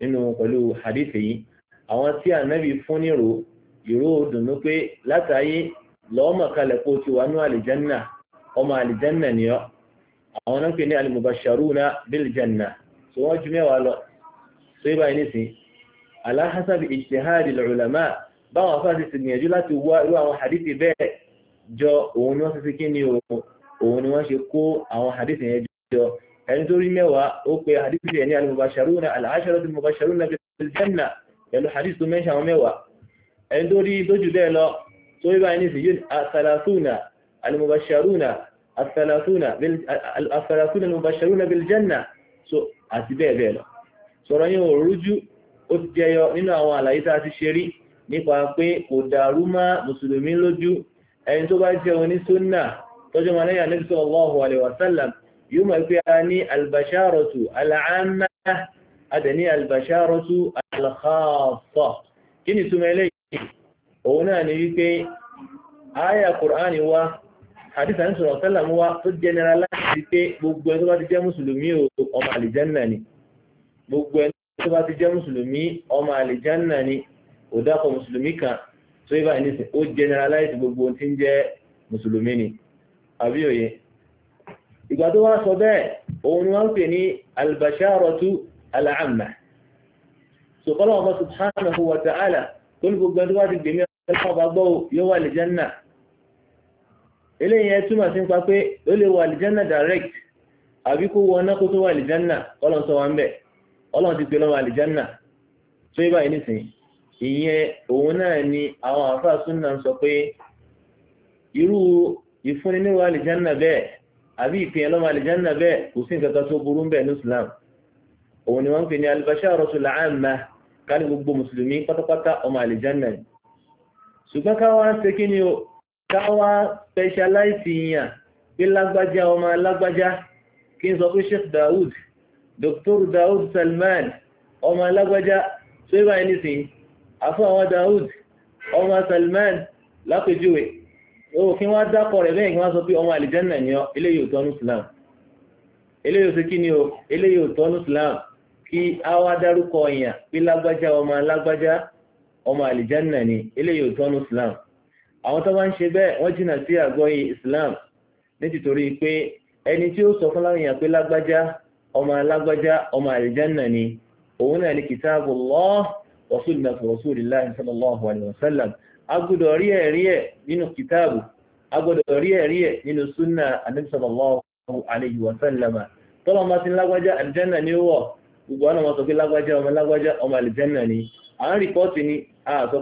A: nínú pẹ̀lú hadith yìí àwọn tí anábì fún nírò ìró dùnú pé látàáyé lọ́ọ́mọ̀ kalẹ̀ kó ti wà ní alìjanna ọmọ alìjanna nìyọ àwọn náà pè ní al-mubashsharuna tí wọ́n ju mẹ́wàá lọ tó báyìí nísìnyí ala hasabi ijtihadi al-ulama báwọn afá ti gbìyànjú láti wá irú àwọn hadithi bẹ́ẹ̀ jọ òun ni wọ́n ti fi kí ni òun ni wọ́n ṣe kó àwọn hadithi yẹn jọ ẹni tó rí mẹ́wàá ó pe hadithi yẹn ní al-mubasharuna al-asharatu al-mubasharuna bil janna pẹ̀lú hadith tó mẹ́ṣà wọn mẹ́wàá ẹni tó rí tó jù sọ̀rọ̀ yẹn rújú ó ti jẹyọ nínú àwọn àlàyé tá a ti ṣe rí nípa pé kò dàrú mọ́ mùsùlùmí lójú ẹni tó bá jẹ́ onísúnnà tọ́jú mọ́ lẹ́yìn Ànábì sallallahu alaihi wasallam yóò mọ̀ pé a ní albasharatu al'amma adẹ̀ní albasharatu al-khassa kí ni túnmọ̀ eléyìí òun náà ni wípé aya Qur'ani wa hadith Ànábì sallallahu alaihi wa tó generalize pé gbogbo ẹni tó bá ti jẹ́ mùsùlùmí ọmọ àlìjánà ni gbogbo ẹni tó bá ti jẹ́ mùsùlùmí ọmọ àlìjánà ni ó dákọ̀ mùsùlùmí kan tó yẹ báyìí nísìn ó generalize gbogbo ohun tí ń jẹ́ mùsùlùmí ni àbí òye ìgbà tó wá sọ bẹ́ẹ̀ òun ni wọ́n ń pè ní albasharatu al'amma so kọ́lọ̀ ọmọ subhanahu wa ta'ala tó ní gbogbo ẹni tó bá ti gbèmí ọba gbọ́ yóò wà àlìjánà eléyìí ẹ túmọ̀ sí pa pé ó lè wà àlìjánà direct àbí kó wọ ọ̀nà kó tó wà àlìjánà kọ́lọ̀ sọ wa ń bẹ́ẹ̀ ọlọ́run ti pè lọ́wọ́ àlìjánà tó yẹ báyìí nìsín ìyẹn òun náà ni àwọn àfáà súnà ń sọ pé irú ìfúnni níwọ̀ àlìjánà bẹ́ẹ̀ àbí ìpìyàn lọ́wọ́ àlìjánà bẹ́ẹ̀ kò sí nǹkan kan tó burú bẹ́ẹ̀ ní Islam òun ni wọ́n ń pè ní al-basharatul aamma kárí gbogbo mùsùlùmí pátápátá ọmọ àlìjánà ni ṣùgbọ́n káwá ń ṣe kí ni o káwá specialize yìnyàn pé lágbájá ọmọ lágbájá kí n sọ pé Sheikh Dawood Dr. Daoud Salman ọmọ alágbájá tó yẹ báyìí nísìnyí àfọ àwọn Daoud ọmọ Salman lápèjúwe o kí wọ́n dákọ̀ rẹ̀ bẹ́ẹ̀ kí wọ́n sọ pé ọmọ àlìjẹ́nà ni ọ eléyìí òtọ́ ní Islam eléyìí òsè kí ni o eléyìí òtọ́ ní Islam kí a wá dárúkọ èèyàn pé lágbájá ọmọ alágbájá ọmọ àlìjẹ́nà ni eléyìí òtọ́ ní Islam àwọn tó bá ń ṣe bẹ́ẹ̀ wọ́n jìnnà sí àgọ́ Islam ní tìtorí pé ẹni tí ó sọ fún láwọn èèyàn pé lágbájá ọmọ alágbájá ọmọ àlìjánà ni òun náà ni kitabullah wa sunnatu rasulillahi sallallahu alaihi wasallam agbọ́dọ̀ rí ẹ̀rí ẹ̀ nínú kìtàbù agbọ́dọ̀ rí ẹ̀rí ẹ̀ nínú súnà Ànábì sallallahu alaihi wasallam tọ́lọ́ máa ti lágbájá àlìjánà ni ó wọ̀ gbogbo ọ̀nà wọn sọ pé lágbájá ọmọ lágbájá ọmọ àlìjánà ni à ń rìpọ́ọ̀tì ni a sọ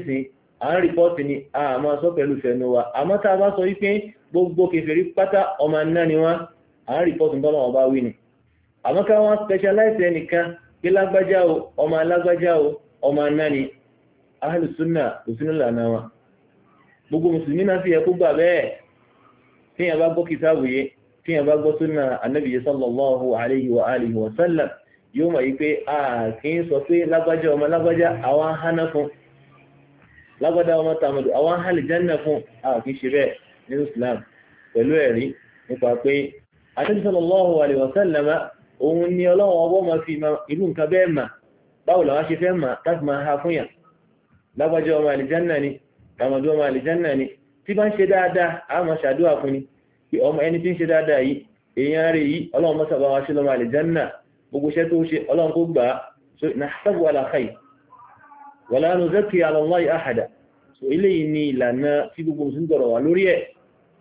A: pé à ń rìpọ́ọ̀tì ni a máa sọ pẹ̀lú fẹ̀nu wa àmọ́ tá a bá sọ wípé gbogbo kèfèrí pátá ọmọ náà ni wọ́n à ń rìpọ́ọ̀tì ń tọ́lọ́wọ́ bá wí ni àmọ́ ká wọ́n specialize ẹnìkan pé lágbájá o ọmọ alágbájá o ọmọ náà ni ahàlùsúnà òsínú lànà wọn gbogbo mùsùlùmí náà fi ẹkú gbà bẹ́ẹ̀ tíyàn bá gbọ́ kìtàbù yé tíyàn bá gbọ́ súnà anábìyẹ sallallahu alayhi wa alihi wa sallam yóò mọ̀ yí pé a kì í sọ pé lágbájá ọmọ lágbájá àwọn hánà fún lágbádá ọmọ tàmọdù àwọn àlìjánná fún àkì ṣe bẹ́ẹ̀ nínú islam pẹ̀lú ẹ̀rí nípa pé àtẹnusọ sallallahu alaihi wasallam òun ni Ọlọ́run ọgbọ máa fi irú nǹkan bẹ́ẹ̀ mà báwo làwọn ṣe fẹ́ mà láti máa ha fún yàn lágbájá ọmọ àlìjánná ni tàmọdù ọmọ àlìjánná ni tí bá ń ṣe dáadáa a máa ṣàdúrà fún ni pé ọmọ ẹni tí ń ṣe dáadáa yìí èèyàn rẹ̀ yìí Ọlọ́run mọ́sàbá wa ṣe lọ́mọ àlìjánná gbogbo iṣẹ́ tó ṣe Ọlọ́run kó gbà á wala nuzakki ala Allahi ahada so eléyìí ni ìlànà tí gbogbo mùsùlùmí dọ̀rọ̀ wà lórí ẹ̀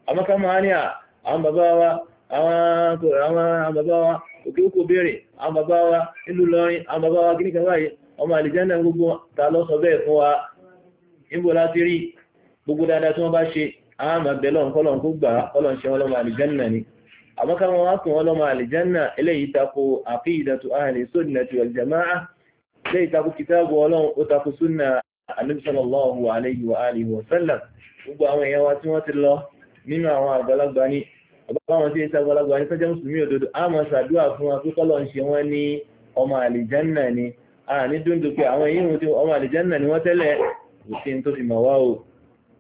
A: àmọ́ ká máa ní àwọn bàbá wa àwọn bàbá wa òkè òkò béèrè àwọn bàbá wa nílùú lọrin àwọn bàbá wa kíníkà báyìí ọmọ àlìjánà gbogbo ta lọ sọ bẹ́ẹ̀ fún wa níbo láti rí gbogbo dáadáa tí wọ́n bá ṣe àwọn àbẹ̀ lọ́n kọ́lọ̀ lè ìtakò kìtàbù ọlọ́run ó takò súnà Ànábì sallallahu alayhi wa alihi wa sallam gbogbo àwọn èèyàn wa tí wọ́n ti lọ nínú àwọn àgbàlagbà ní àbáwọn tí ń sàgbàlagbà ní sọ́jọ́ mùsùlùmí òdodo a máa ṣàdúrà fún wa pé kọ́lọ̀ ń ṣe wọ́n ní ọmọ àlìjánà ni a ní dúndú pé àwọn èyí tí ọmọ àlìjánà ni wọ́n tẹ́lẹ̀ kò sí tó fi mọ̀ wá o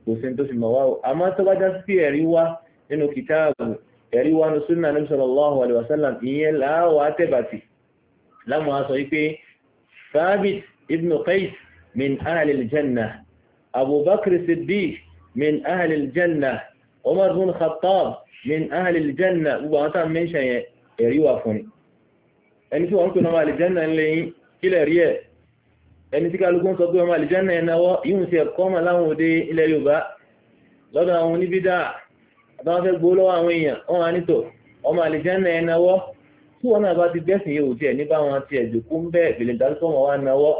A: kò sí tó fi mọ̀ wá o àmọ́ tó bá já sí ẹ̀rí wá nínú kìtáàbù ẹ̀rí wá nu súnà ní sallallahu alaihi wa sallam ìyẹn láwàá tẹ̀bàtì láwọn aṣọ yìí pé ثابت ابن قيس من أهل الجنة أبو بكر الصديق من أهل الجنة عمر بن الخطاب من أهل الجنة وعطان من شيء يريوافوني أني يعني شو أنتم نما الجنة اللي كلا ريا أني يعني تقول لكم صدق نما الجنة إن يعني هو يمسي القوم لا مودي إلى يبا لا دعوني بدا ضاف البولو أمين أو أني تو الجنة إن هو tí wọn náà bá ti gbẹ́sìn yóò jẹ́ ní báwọn ti ẹ̀jòkó ń bẹ́ẹ̀ ìpìlẹ̀ ìdádúkọ́ wọn wá náwọ́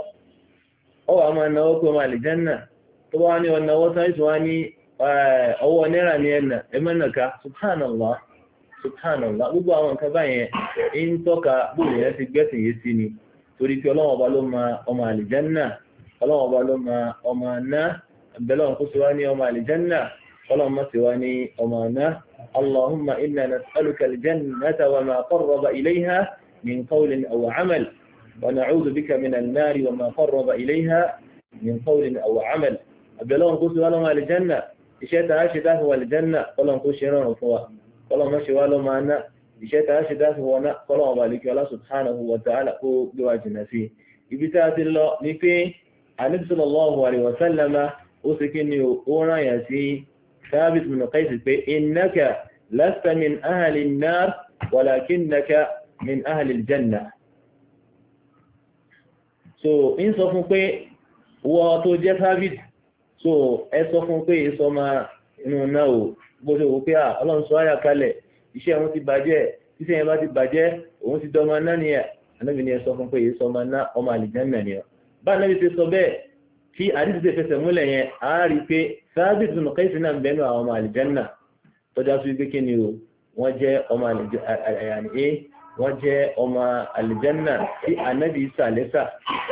A: ọwọ́ a máa náwọ́ pé ọmọ àlìjánà tó bá wá ní ọ̀nà ọwọ́ sáyẹ́sì wá ní ọwọ́ náírà ní ẹ̀nà ẹ̀mẹ́nàká subhanallah subhanallah gbogbo àwọn nǹkan báyẹn ń tọ́ka bóòlù yẹn ti gbẹ́sìn yìí sí ni torí pé ọlọ́wọ́n ọba ló ma ọmọ àlìjánà ọlọ́wọ́n ọba ló ma ọmọ àná اللهم إنا نسألك الجنة وما قرب إليها من قول أو عمل ونعوذ بك من النار وما قرب إليها من قول أو عمل أبلون قلت ولهم الجنة إشيت أشداه هو الجنة ولهم قلت شرنا وفوا ولهم مشي ولهم أنا إشيت أشداه هو أنا ولهم ذلك الله سبحانه وتعالى هو جواجنا فيه إبتاعت الله نفي عن صلى الله عليه وسلم أسكني أونا يسي ثابت بن قيس إنك لست من أهل النار ولكنك من أهل الجنة so ń sọ fún pé wọ́n tó jẹ́ ثابت so ẹ sọ fún pé sọ ma inú náà o bó ṣe wò pé à ọlọ́run sọ àyà kalẹ̀ iṣẹ́ wọn ti bàjẹ́ iṣẹ́ yẹn bá ti bàjẹ́ òun ti dọ́mọ náà ni ẹ̀ anábìnrin ẹ sọ fún pé sọ ma ná ọmọ àlìjánà ni ọ bá anábìnrin ti sọ bẹ́ẹ̀ tí àdíjì tẹ́ fẹsẹ̀ múlẹ̀ yẹn a rí pé sábìt bin Qais náà bẹnu àwọn ọmọ àlìjánà tó dá sí pé kí ni o wọ́n jẹ́ ọmọ àyànní wọ́n jẹ́ ọmọ àlìjánà tí ànábì sàlẹ́sà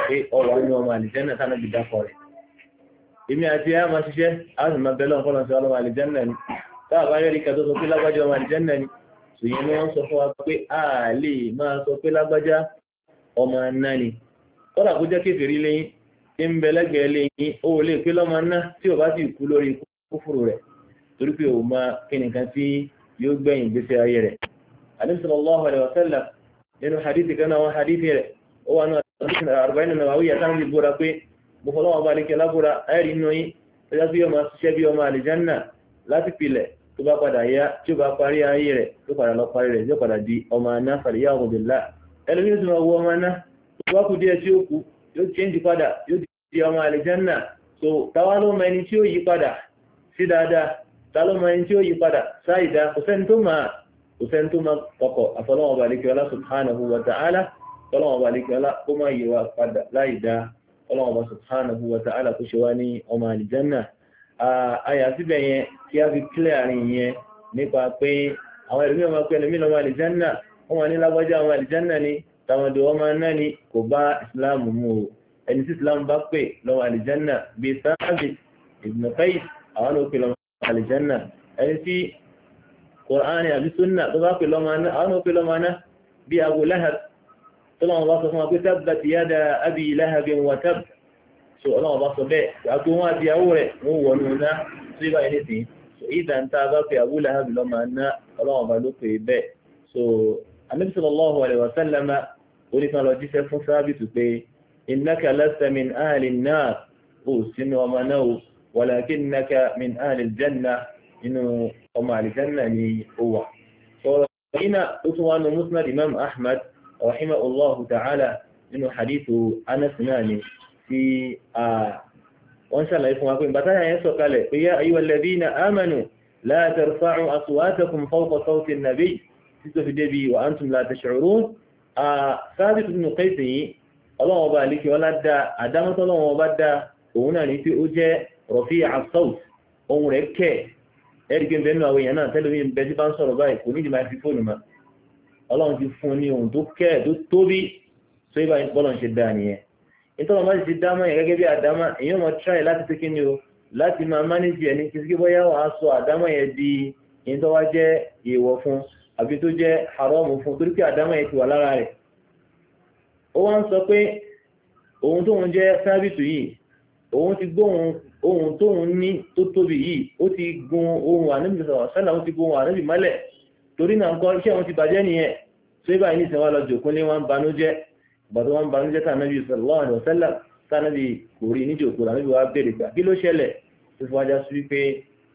A: pé ọwọ́ ní ọmọ àlìjánà tánàbì dákọ̀ rẹ̀ èmi àti ẹ máa ṣiṣẹ́ a sì máa bẹ̀lọ́ ọ̀pọ̀lọ̀ sí ọlọ́mọ àlìjánà ni táà bá yẹ́rí kan sọ pé lágbájá ọmọ àlìjánà ni ṣùgbọ́n ni wọ́n sọ fún wa pé a lè máa sọ pé lágbájá ọmọ náà ni kọ́dà kó jẹ́ kéfèrí lẹ́yìn ń bẹ lẹ́gbẹ̀ẹ́ lé yín ó lè pé lọ́mọ náà tí ò bá sì kú lórí kúfùrù rẹ̀ torí pé ò mọ kí nìkan tí yóò gbẹ̀yìn gbèsè sallallahu alaihi wa sallam nínú hadithi kan náà wọn hadithi rẹ̀ ó wà náà àrùbáyìn náà wáwí yàtá ń bóra pé mo fọlọ́wọ́ bá lékè lábúra ayẹ̀rí inú yín tó já sí ọmọ ṣiṣẹ́ bí ọmọ àlìjánà láti pilẹ̀ tó bá padà yá tí ó bá parí ayé rẹ̀ tó padà lọ parí rẹ̀ tí ó padà di change padà di ọmọ àlìjánà so táwa ló mọ ẹni tí ó yí padà sí dáadáa ta ló mọ ẹni tí ó yí padà sáìdá kò sẹ́ni kọ̀kọ̀ àfọlọ́wọ́n balikiola subhanahu wa ta'ala fọlọ́wọ́n balikiola ó máa yí wa padà láìdá fọlọ́wọ́n bá subhanahu wa ta'ala kó ṣe wá ní ọmọ àlìjánà àyà síbẹ̀ yẹn kí a fi kílẹ̀ àárín yẹn nípa pé àwọn ẹ̀rí ọmọ pé ẹlòmí lọ́mọ àlìjánà wọ́n ni tàwọn ọmọ náà ni kò bá ìsìláàmù ẹni tí islam bá pè lọ́wọ́ àlìjánà bíi sáàbì ìbùnà káyì àwọn ló pè lọ́wọ́ àlìjánà ẹni tí kòránì àbí súnà tó bá pè lọ́mọ aná àwọn ló pè lọ́mọ aná bíi Abu Lahab tó lọ́wọ́ bá sọ fún wa pé tabbat yada abi lahabin wa tab so ọlọ́wọ́ bá sọ bẹ́ẹ̀ àti wọn àti ìyàwó rẹ̀ wọn wọ̀ nù ná sí báyìí nìsín so ìdá ń tá bá pè Abu Lahab lọ́mọ aná ọlọ́wọ́ bá ló pè innaka lasta min ahli an-nar ó sínú ọmọ náà o walakinnaka min ahli al-janna inú ọmọ al-janna ni ó wà. sọ̀rọ̀ iná ó tún wá nu musnad imam ahmad rahimahullahu ta'ala nínú hadithu anas náà ni tí wọ́n ṣàlàyé fún wa pé bàtà yẹn sọ̀kalẹ̀ pé yá ayyuhal ladhina amanu la tarfa'u aswatakum fawqa sawti an-nabiy títí fi débi wa antum la tash'urun ثابت بن قيس ọlọ́run ọba àlékè ọlá dá àdámọ́tọ́ ọlọ́run ọba dá òun náà ní pé ó jẹ́ rọ̀fí àṣọ́ọ̀ ohun rẹ̀ kẹ̀ ẹ̀rí pé bẹ́ẹ̀ nù àwọn èèyàn náà tẹ́lẹ̀ mi bẹ́ẹ̀ tí bá ń sọ̀rọ̀ báyìí kò nídìí máa fi fóònù mọ́ ọlọ́run ti fún un ní ohun tó kẹ̀ tó tóbi tó yẹ báyìí bọ́lọ̀ ń ṣe dá nìyẹn nítorí ọmọ ti dá mọ́ yẹn gẹ́gẹ́ bí àdámọ́ èèyàn mọ̀ tíráì láti pé kí ni o láti máa mánéjì ẹni kìsìkì bóyá wàá sọ àdámọ́ yẹn di ìyẹn tó wá jẹ́ èèwọ̀ fún àbí tó jẹ́ haram fún torí pé àdámọ́ yẹn ti wà lára rẹ̀ ó wá ń sọ pé òun tóun jẹ́ sábìtù yìí òun ti gbóhun ohun tóun ní tó tóbi yìí ó ti gun ohun ànábì sọ̀rọ̀ sálà ó ti gun ohun ànábì mọ́lẹ̀ torí náà ń kọ́ iṣẹ́ òun ti bàjẹ́ nìyẹn tó ibà yìí nìsẹ̀ wá lọ jòkó ní wọn banú jẹ́ bàtọ́ wọn banú jẹ́ tànábì sallallahu alaihi wasallam tànábì kò rí níjòkó ànábì wa bèrè gbà kí ló ṣẹlẹ̀ tó fi wájá sí pé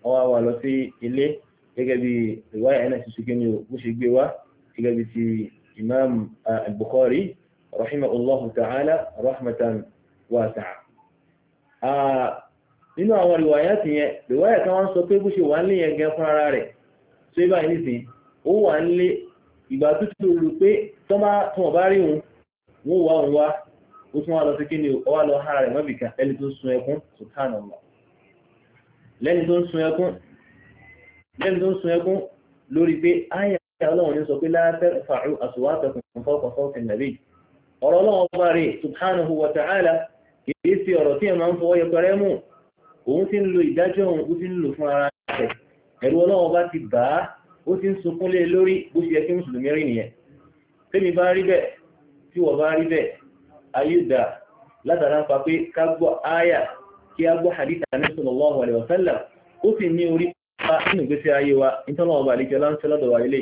A: wọ́n wá wà lọ sí ilé gẹ́gẹ́ bí ìwáyà ẹ̀ náà ti ṣe kí ni ó ṣe gbé wá gẹ́gẹ́ bí ti Imam Bukhari rahimahullahu ta'ala rahmatan wasi'a nínú àwọn riwaya ti yẹn riwaya kan wọ́n sọ pé bó ṣe wà ń lé yẹn gan fún ara rẹ̀ tó ibà yìí nìsín ó wà ń lé ìgbà tó ti rò pé tó bá rí òun wọ́n wá òun wá ó tún wá lọ sí kíni ó wá lọ ara rẹ̀ mọ́bì kan ẹni tó ń sun ẹkún subhanallah lẹ́ni tó ń sun ẹkún lẹ́ni tó ń sun ẹkún lórí pé ayé ọlọ́run ní sọ pé la tarfa'u aswatakum fawqa sawti an-nabi ọ̀rọ̀ ọlọ́run ọba rẹ̀ subhanahu wa ta'ala kìí sí ọ̀rọ̀ tí ẹ máa ń fọwọ́ yẹpẹrẹ mú òun ti ń lo ìdájọ́ òun ó ti ara rẹ̀ ẹ̀rù ọba ti bà á ó ti ń sunkún lé e lórí bó ṣe yẹ kí mùsùlùmí rìn nìyẹn bá rí bẹ́ẹ̀ tí wọ́n bá rí bẹ́ẹ̀ ayé dà hadith ó sì ní orí pa ìgbésí ayé ọba àlejò ilé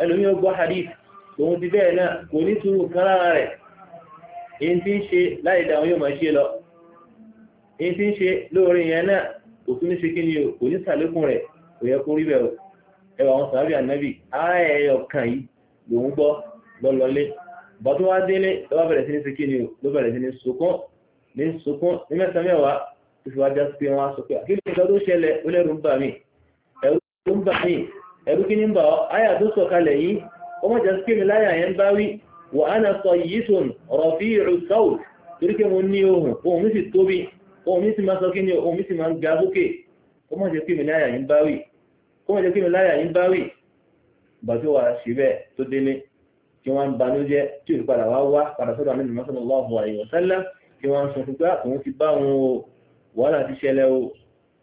A: ẹlòmí ó gbọ́ òun ti bẹ́ẹ̀ náà kò ní sùúrù kan lára rẹ̀ èyí tí ń ṣe láì dáhùn yóò máa ṣe lọ èyí tí ń ṣe lóore yẹn náà kò tún ní ṣe kí ni o kò ní sàlékún rẹ̀ kò yẹ kó rí bẹ́ẹ̀ o ẹwà àwọn sàábì ànábì ara ẹ̀yọ kan yìí lòun gbọ́ lọ́lọ́lé bàtún wá délé lọ́wọ́ bẹ̀rẹ̀ sí ní ṣe kí ni o ló bẹ̀rẹ̀ sí ní sunkún ní sunkún ní mẹ́ta mẹ́wàá tó fi wá já sí pé wọ́n á sọ pé àkíní ìjọ tó ṣẹlẹ̀ ó lẹ́rù ń bà mí ẹ̀rù ń bà mí ẹ̀rù kí ni ń bà ọ́ àyà tó sọ̀kalẹ̀ yìí ọmọ jẹ́ sí mi láyà yẹn bá wí wà á na sọ yìí tún rọ̀fí ìrù sọ́ọ̀ torí pé mo ní ohun ohun mi sì tóbi ohun mi sì máa sọ kí ni ohun mi sì máa ń ga sókè ọmọ jẹ́ sí mi láyà yẹn bá wí ọmọ jẹ́ sí mi láyà yẹn bá wí bá tí wàá ṣe bẹ́ẹ̀ tó délé tí wọ́n ń banújẹ́ tí ò padà wá wá padà sọ́dọ̀ àmì ìmọ̀ sọ́dọ̀ lọ́wọ́ àyẹ̀wò sẹ́lẹ̀ tí wọ́n sọ fún pé àtòun ah, ti bá wọn o wàhálà ti ṣẹlẹ̀ o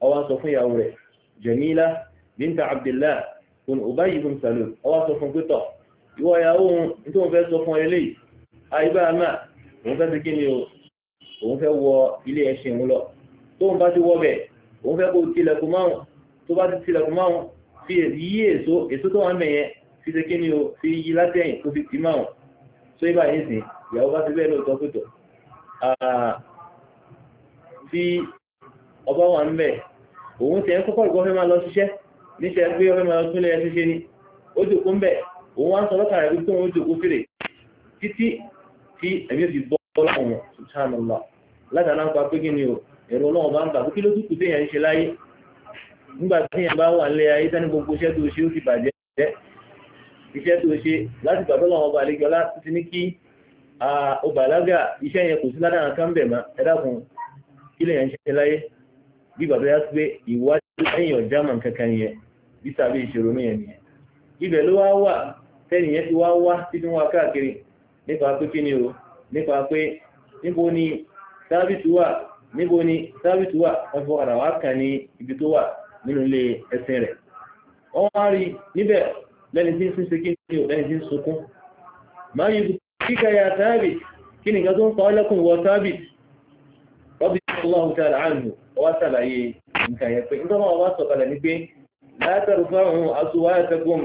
A: ọwọ́ sọ fún ìyàwó rẹ̀ Jamila binta Abdullah kun Ubayy bin Salul ọwọ́ sọ fún pé tọ̀ ìwọ ìyàwó tó ń fẹ́ sọ fún eléyìí àìbá náà òun fẹ́ ti kí ni o òun fẹ́ wọ ilé ẹṣin òun lọ tó ń bá ti wọ bẹ̀ òun fẹ́ kó tilẹ̀kùn márùn tó bá ti tilẹ̀kùn márùn fi yí èso èso tó wà ń fi ṣe kí ni o fi yí látẹ̀yìn kó fi ti márùn tó yí báyìí sìn ìyàwó bá ti bẹ́ẹ̀ lóòótọ́ pẹ̀tọ̀ tí ọba wà ń bẹ̀ òun tẹ̀ ń kọ́kọ́ ìgbọ́fẹ́ máa lọ ṣiṣẹ́ níṣẹ́ pé ọfẹ́ máa lọ tún lẹ́yẹ òun wá ń sọ lọ́kàn rẹ̀ wípé òun jòkó fèrè títí tí ẹ̀mí fi bọ́ láwọn subhanallah látàlá ń pa pé kí ni o ẹ̀rọ náà bá ń bà pé kí ló tún kù téèyàn ń ṣe láyé nígbà téèyàn bá wà nílé ayé tání gbogbo iṣẹ́ tó ṣe ó ti bàjẹ́ iṣẹ́ tó ṣe láti gbàgbọ́ làwọn ọba àlejò ọlá ti ní kí iṣẹ́ yẹn kò sí ládàá kan bẹ̀ mọ́ ẹ dákun kí ń ṣe láyé bí bàbá yá pé ìwádìí ẹ̀yìn ọ̀já mọ̀ kankan yẹn bí ìṣòro nìyẹn ibẹ̀ ló wá wà tẹ́nìyẹn ti wá wá sínú wa káàkiri nípa pé kí ni o nípa pé níbo ni sábìtì wà níbo ni sábìtì wà wọ́n ara wa kàn ní ibi tó wà nínú ilé rẹ̀ wọ́n wá rí níbẹ̀ lẹ́ni tí ń o lẹ́ni tí ń sunkún máa kíkà ya tábì kí ni nǹkan tó ń pa ọlẹ́kùn wọ tábì rọ́bì ọlọ́run tààrà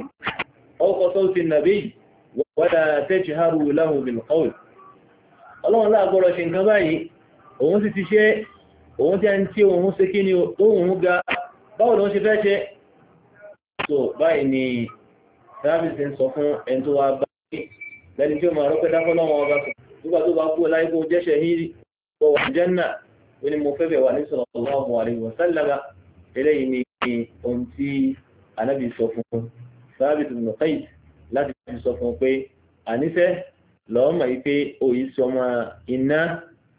A: a أو كصوت النبي ولا تجهروا له بالقول ọlọ́run láàgbọ́rọ̀ ṣe nǹkan báyìí òun sì ti ṣe òun tí a ń tí òun ṣe kí ni òun ga báwo ló ń ṣe fẹ́ ṣe so báyìí ni sáàbìsì ń sọ fún ẹni tó wá bá ní lẹ́ni tí ó máa rọ́pẹ́ dákọ́ lọ́wọ́ ọba nígbà tó bá kú láyé kó jẹ́ṣẹ̀ yìí kó wà jẹ́nà ó ní mo fẹ́ bẹ̀ wà ní sallallahu alaihi wa sallam eléyìí ni ohun tí anábì sọ fún sábìtì nùkẹ́yì láti fi sọ fún un pé àníṣe lọ́ọ́ mọ̀ yìí pé òyì sọmọ iná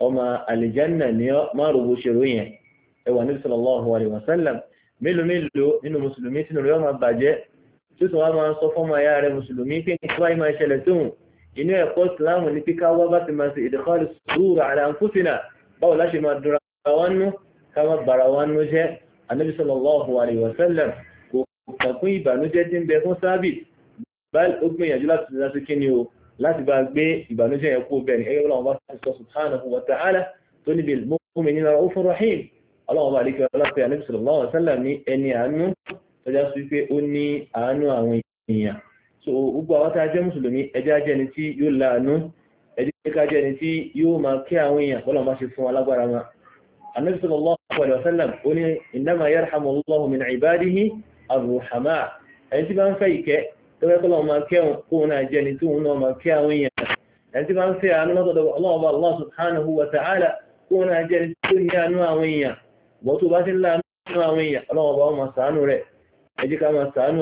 A: ọmọ àlìjánà ní márùbù ṣèrò yẹn ẹwà níbi sallallahu alaihi wasallam mélòó mélòó nínú mùsùlùmí sínú rẹ̀ máa bàjẹ́ tí ó sọ wá máa sọ fọ́mọ ayá rẹ̀ mùsùlùmí pé nípa ìmọ̀ ìṣẹ̀lẹ̀ tóun inú ẹ̀kọ́ ìsìláàmù ní píká wá bá ti máa ṣe ìdíkọ́lù sùúrù ala anfusina báwo láṣẹ máa dúra wọn nú ká má bàrà wọn nú jẹ́ àníbi sallallahu alaihi wasallam kàn fún ìbànújẹ́ tí ń bẹ fún sábìt báyìí ó gbìyànjú láti ṣe láti kíni o láti bá gbé ìbànújẹ́ yẹn kú bẹ́ẹ̀ ni ẹgbẹ́ ọlọ́run bá ti sọ subhanahu wa ta'ala tó níbi mu'minina ra'ufur rahim ọlọ́run bá lékè ọlọ́pẹ́ ànábì sallallahu alaihi wasallam ní ẹni àánú tọ́já sí pé ó ní àánú àwọn èèyàn so gbogbo àwọn tá a jẹ́ mùsùlùmí ẹjẹ́ ajẹ́ ni tí yóò láàánú ẹjẹ́ ká jẹ́ ni tí yóò máa kí àwọn èèyàn ọlọ́run bá ṣe fún alágbára wọn ànábì sallallahu alaihi wasallam ó ní innama yarhamullahu àrùhàmà ẹni tí bá ń fẹ́ ìkẹ́ tó fẹ́ kọ́ lọ́wọ́ máa kẹ́ òun kó náà jẹ́ ni tí òun náà máa kẹ́ àwọn èèyàn ẹni tí bá ń fẹ́ àánú lọ́dọ̀ ọlọ́ọ̀bá Allah subhanahu wa ta'ala kó náà jẹ́ ni tí ó ní àánú àwọn èèyàn wọ́n tó bá ti ń láàánú àwọn èèyàn ọlọ́ọ̀bá ọmọ sàánú rẹ̀ ẹ jẹ́ sàánú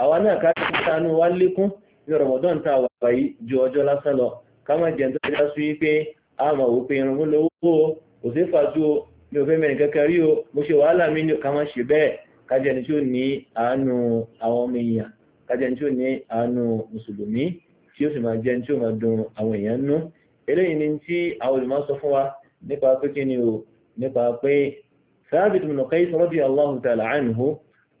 A: àwa náà ká tí sánú wá lékún ní Ramadan tá a wà yìí ju ọjọ́ lásán lọ ká má jẹun tó dájú sí pé a mọ̀ wò pé irun lówó o kò sí fàájú mi ò fẹ́ mẹ́rin kankan rí o mo ṣe wàhálà mi ní ká ṣe bẹ́ẹ̀ kájẹ́ ni tí ó ní àánú àwọn ọmọ èèyàn kájẹ́ ni tí ó ní àánú mùsùlùmí tí ó sì máa jẹ́ ni tí ó máa dùn àwọn èèyàn nú eléyìí ni tí àwọn olùmọ̀ sọ fún wa nípa pé kí ni o nípa pé Thabit bin Qais radiyallahu ta'ala anhu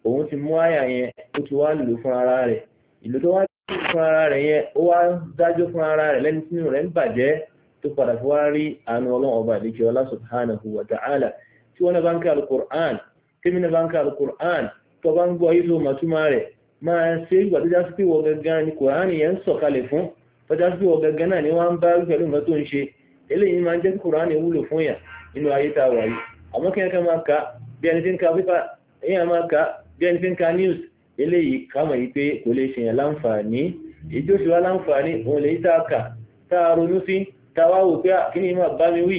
A: òun ti mú àyà yẹn ó ti wá lò fún ara rẹ̀ ìlú tó wá lò fún ara rẹ̀ yẹn ó wá dájọ́ fún ara rẹ̀ lẹ́ni tí rẹ̀ ń bàjẹ́ tó padà fi wá rí àánú ọlọ́run ọba àdékè ọlá subhanahu wa ta'ala tí wọ́n bá ń ka alukur'an tèmi náà bá ń ka alukur'an tó bá ń gbọ́ ayé tó máa túmọ̀ rẹ̀ máa ṣe ìgbà tó já sí pé wọ́n gangan ni kùránì yẹn ń sọ̀kalẹ̀ fún tó já sí pé wọ́n gangan náà ni wọ́n bá pẹ̀lú nǹkan tó ń ṣe eléyìí máa ń jẹ́ kùránì wúlò fún yà nínú ayé tá a wà yìí àmọ́ kí ẹ̀ka bí ẹni tí ń ka news eléyìí kámọ̀ yìí pé kò lè ṣèyàn láǹfààní èyí tó ṣe wá láǹfààní òun lè tá a kà tá a ronú sí tá a wá wò pé kí ni yìí máa bá mi wí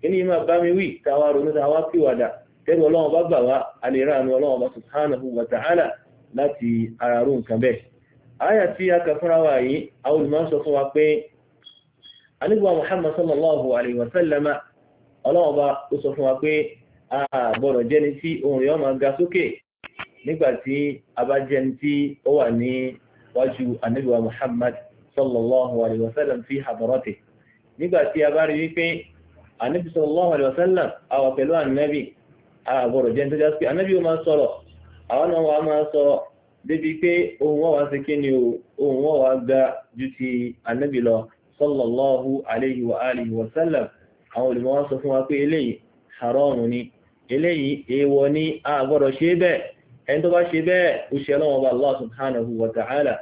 A: kí ni yìí máa bá mi wí tá a wá ronú tá a wá pìwàdà tẹ́lẹ̀ ọlọ́run bá gbà wá a lè ra àánú ọlọ́run bá subhanahu wa ta'ala láti ara rú nǹkan bẹ́ẹ̀. àyà tí a kà fúnra wa yìí àwọn olùmọ̀ sọ fún wa pé anigba muhammad sallallahu alayhi wa sallam ọlọ́run bá ó sọ fún wa pé a gbọ́dọ̀ jẹ́ni tí ohùn rẹ̀ ó máa ga sókè nígbàtí abájẹni tí ó wà ní wájú anábíwá muhammad sallallahu alaihi wasallam fi hadarati nígbàtí a bá rí wípé anábí sallallahu alaihi wasallam àwà pẹ̀lú anábí àgbọ̀rọ̀ jẹ́ tó já sí anábí ó máa sọ̀rọ̀ àwọn náà wà máa sọ̀rọ̀ débi pé ohun wọ́n wá sí kí ni ohun wọ́n wá ga ju ti anábí lọ sallallahu alaihi wa alihi wasallam àwọn olùmọ̀ wá sọ fún wa pé eléyìí haram ni eléyìí èèwọ̀ ni àgbọ̀rọ̀ ṣe bẹ́ẹ̀ ẹni tó bá ṣe bẹ́ẹ̀ ó ṣe ọlọ́wọ́n bá Allah subhanahu wa ta'ala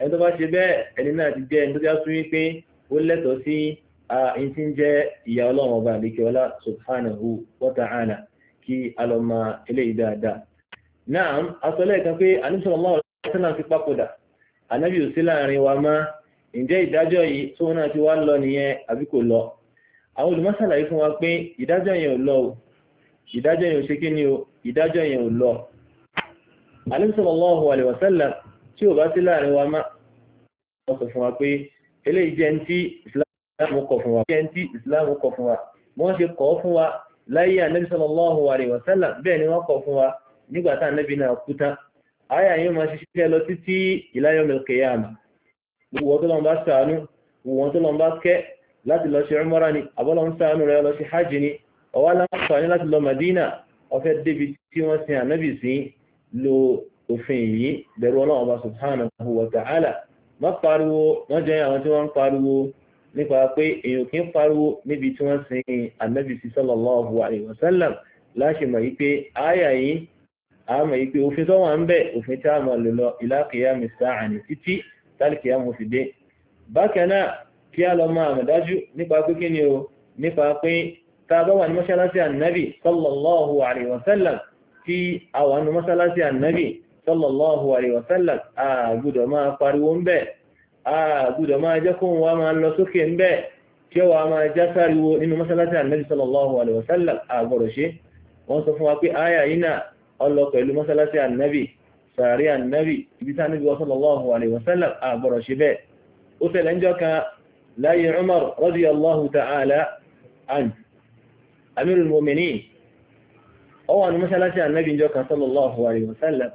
A: ẹni tó bá ṣe bẹ́ẹ̀ ẹni náà ti jẹ́ tó já sún wípé ó lẹ́tọ̀ọ́ sí ẹni ìyá ọlọ́wọ́n àwọn olùmọ́sàlàyé fún wa pé ìdájọ́ yẹn ò lọ ìdájọ́ yẹn ò ṣe kí Ànábì sallallahu alaihi wasallam tí ò bá sí láàrin wa má wọ́n sọ fún wa pé eléyìí jẹ́ ní tí ìsìláàmù kọ̀ fún wa jẹ́ ní tí ìsìláàmù kọ̀ fún wa wọ́n ṣe kọ́ fún wa láyé Ànábì sallallahu alaihi wasallam bẹ́ẹ̀ ni wọ́n kọ̀ fún wa nígbà tá Ànábì náà kú tán àyà yìí máa ṣiṣẹ́ lọ títí ila yawmil qiyamah gbogbo láti lọ Madina ó fẹ́ tí wọ́n sin Ànábì sí lo òfin yìí bẹ̀rù ọlọ́run ọba subhanahu wa ta'ala má pariwo wọ́n jẹ́ àwọn tí wọ́n ń pariwo nípa pé èèyàn kì í pariwo níbi tí wọ́n sin anabi sí sallallahu alayhi wa sallam láṣẹ mọ̀ yí pé àyà yìí a mọ̀ yí pé òfin tó wà ń bẹ̀ òfin tí a mọ̀ lò lọ ila qiyam as títí tálíkì àmọ̀ fi dé bákan náà kí a lọ máa mọ̀ dájú nípa pé kí ni o nípa pé tá a bá wà ní mọ́ṣáláṣí anabi sallallahu alayhi wa tí àwọn ọmọ mọ́sálásí ànábì sallallahu alaihi wasallam àgùdọ̀ máa pariwo ń bẹ̀ àgùdọ̀ máa jẹ́ kóhùn wa máa lọ sókè ń bẹ̀ tí ó wà máa já sáriwo nínú mọ́sálásí ànábì sallallahu alaihi wasallam àgbọ̀rọ̀ ṣe wọ́n sọ fún wa pé áyà iná ọlọ pẹ̀lú mọ́sálásí ànábì sàárì ànábì ibi tá níbi sallallahu alaihi wasallam àgbọ̀rọ̀ ṣe bẹ́ẹ̀ ó tẹ̀lé ń jọ kan láyé Umar radiyallahu ta'ala an amirul mu'minin ó wà ní mọ́ṣáláṣí ànábì ìjọ kan sallallahu alaihi wasallam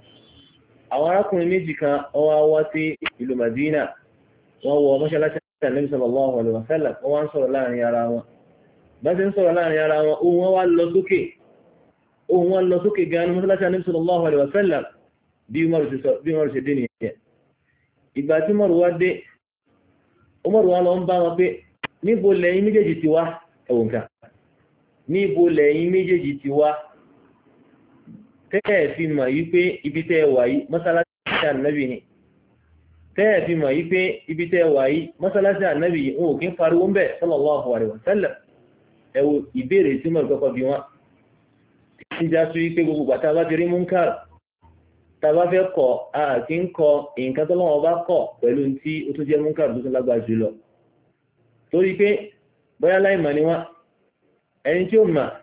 A: àwọn arákùnrin méjì kan ọwọ́ wá sí ìlú Madina wọ́n wọ mọ́ṣáláṣí ànábì sallallahu alaihi wasallam wọ́n wá ń sọ̀rọ̀ láàrin ara wọn bá ti ń sọ̀rọ̀ láàrin ara wọn ohun wọn wá lọ sókè ohun wọn lọ sókè gan ní mọ́ṣáláṣí ànábì sallallahu alaihi wasallam bí Umaru ṣe dé nìyẹn ìgbà tí Umaru lẹ́yìn méjèèjì ti wá tẹ́ẹ̀ fi mọ̀ yí pé ibi tẹ́ ẹ wà yí mọ́sálásí ànábì ni tẹ́ẹ̀ fi mọ̀ yí pé ibi tẹ́ ẹ wà yí mọ́sálásí ànábì yìí wọn ò kí ń pariwo ń bẹ̀ sallallahu alaihi wa sallam ìbéèrè tí mo kọ́kọ́ bí wọn. ń já sí pé gbogbo gbàtà bá ti rí munkar tá a bá fẹ́ kọ́ a kì ń kọ nǹkan tó lọ́wọ́ bá kọ̀ pẹ̀lú tí ó tún jẹ́ munkar tó tún lágbàá jù lọ. torí pé bóyá láì mọ̀ ni wọn ẹni tí ó mọ̀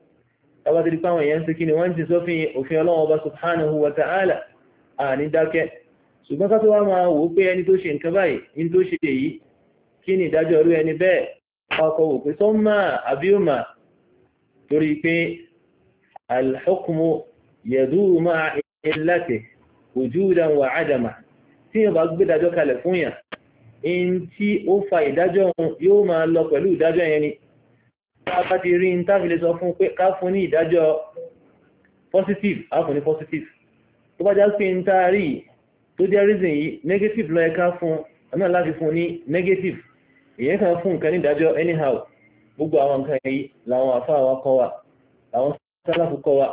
A: ẹwà tí pàwọn èèyàn sí kí ni wọ́n ti sófin òfin ọlọ́wọ́ ọba subhanahu wa ta'ala à ní dákẹ́ ṣùgbọ́n ká tó wá máa wò ó pé ẹni tó ṣe nǹkan báyìí ní tó ṣe èyí kí ni ìdájọ́ irú ẹni bẹ́ẹ̀ ọkọ̀ wò pé sọ́mà àbíọ́mà torí pé alhukmu yaduru ma'a illati wujudan wa adama tí yóò bá gbé ìdájọ́ kalẹ̀ fún yàn bá ti rí ní táfilé sọ fún pé ká fún ní ìdájọ́ positive á fún ní positive tó bá já sí ní tá a rí tó jẹ́ reason yìí negative ló yẹ fún náà láti fún ní negative èyí kan fún nǹkan ní ìdájọ́ anyhow gbogbo àwọn nǹkan yìí làwọn àfáà wa kọ́ wa àwọn sálàfù kọ́ wa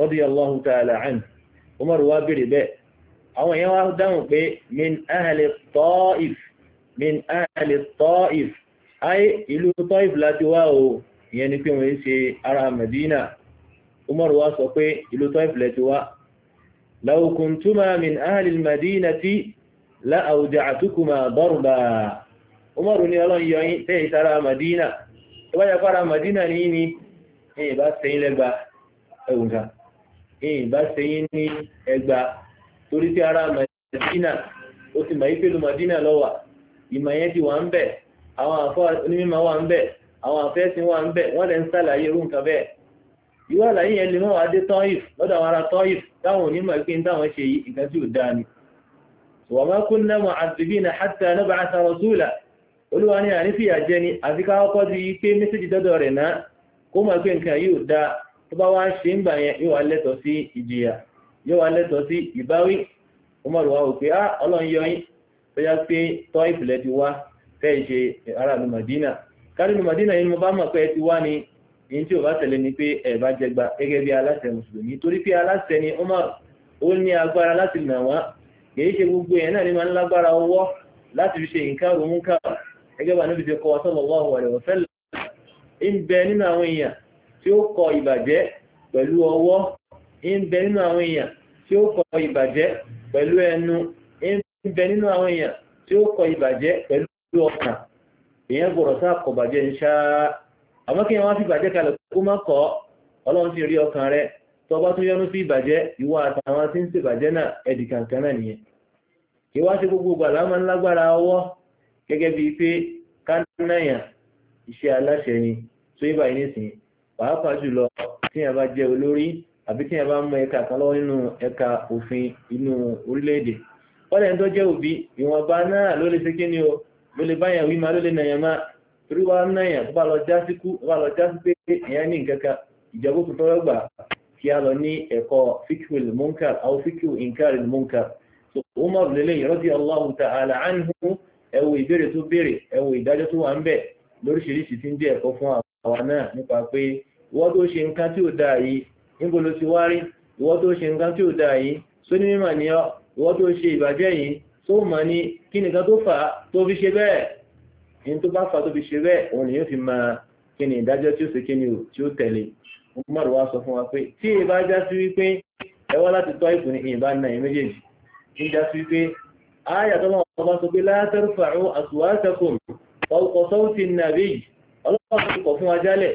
A: radiyallahu ta'ala anhu Umar wa bèrè bẹ́ẹ̀ àwọn èèyàn wá dáhùn pé min ahli Ta'if min ahli Ta'if ayé ìlú Ta'if láti wá o ìyẹn ni pé wọ́n ń ṣe ara Medina Umar wa sọ pé ìlú Taif lẹ ti wá law kuntuma min ahli al-Madinati la awja'tukuma darba Umar ní ọlọ́run yọ yín tẹ́ ìsára Medina ìwájà para Medina ní ní ẹ̀yìn bá sẹ́yìn lẹ́gba ẹ̀wùn ká ẹ̀yìn bá sẹ́yìn ní ẹgba torí tí ara Medina ó ti mọ̀ àwọn àfọ́ onímọ̀ wà ń bẹ̀ àwọn àfẹ́sìn wà ń bẹ̀ wọ́n lẹ́ ń sàlàyé irú nǹkan bẹ́ẹ̀ ìwọ́ àlàyé yẹn lè mọ́ wá dé tọ́yìf lọ́dọ̀ àwọn ará tọ́yìf táwọn onímọ̀ pé táwọn ṣe yìí nǹkan tí ò dáa ni wa ma kunna mu'adhibina hatta nab'atha rasula olúwa ní àrífìyà jẹ ni àfi ká kọ́kọ́ di pé mẹ́sẹ̀jì dọ́dọ̀ rẹ̀ náà kó mọ̀ pé nǹkan yóò dáa tó bá wá ṣe ń gbà yẹn yóò wá lẹ́tọ̀ọ́ sí ìjìyà yóò wá lẹ́tọ̀ọ́ sí ìbáwí Umar wá wò pé á ah, ọlọ́run kárínú madina yìí mo bá mọ̀ pé ẹ ti wá ni èyí tí ò bá tẹ̀lé ni pé ẹ bá jẹgba gẹ́gẹ́ bí aláṣẹ mùsùlùmí torí pé aláṣẹ ni Umar ó ní agbára láti nà wá kì í ṣe gbogbo yẹn náà ni máa ń lágbára ọwọ́ láti fi ṣe nǹkan rùmúkà gẹ́gẹ́ bá níbi ń bẹ nínú àwọn èèyàn tí ó kọ ìbàjẹ́ pẹ̀lú ọwọ́ ń bẹ ìyẹn gbọ́dọ̀ tá kọ̀ bàjẹ́ ń ṣá àmọ́ kí wọ́n fi bàjẹ́ kalẹ̀ kó má kọ́ ọlọ́run ti rí ọkàn rẹ tó bá tún yọnu sí ìbàjẹ́ ìwọ àtàwọn tí ń ṣe bàjẹ́ náà ẹ̀dì kankan náà nìyẹn gbogbo gbàlá máa ń lágbára ọwọ́ gẹ́gẹ́ bíi pé kánáyà iṣẹ́ aláṣẹ ni tó yẹ báyìí pàápàá jùlọ tí yẹn bá olórí àbí tí yẹn bá mọ kan lọ́wọ́ nínú òfin inú orílẹ̀-èdè ló lè báyàn wí máa ló bá lọ bá lọ pé ní ìjọba tó gbà kí a lọ ní ẹ̀kọ́ fíkìwì lèmọ́nkàr àwọn fíkìwì ìǹkàr lèmọ́nkàr so Umar lélẹ̀ radiyallahu ta'ala ẹwọ ìbéèrè tó béèrè ẹwọ ìdájọ́ tó wà ń bẹ̀ lóríṣiríṣi ń ẹ̀kọ́ fún àwa náà nípa pé tó ṣe nǹkan tí ò yìí níbo ló ti wá rí tó ṣe nǹkan tí tó mọ̀ ní kí nìkan tó fà á tó fi ṣe bẹ́ẹ̀ ní tó bá fà á tó fi ṣe bẹ́ẹ̀ òun ni yóò fi máa kí ni ìdájọ́ tí ó ṣe kí ni o tí ó tẹ̀lé Umar wa sọ fún wa pé tí ì bá já sí wípé ẹ wá láti tọ́ ìkùn ní ìbá na ẹ̀ méjèèjì ń já sí wípé ayà tó máa bá sọ pé la tarfa'u aswatakum fawqa sawti an-nabiy ọlọ́pàá tó kọ̀ fún wa jálẹ̀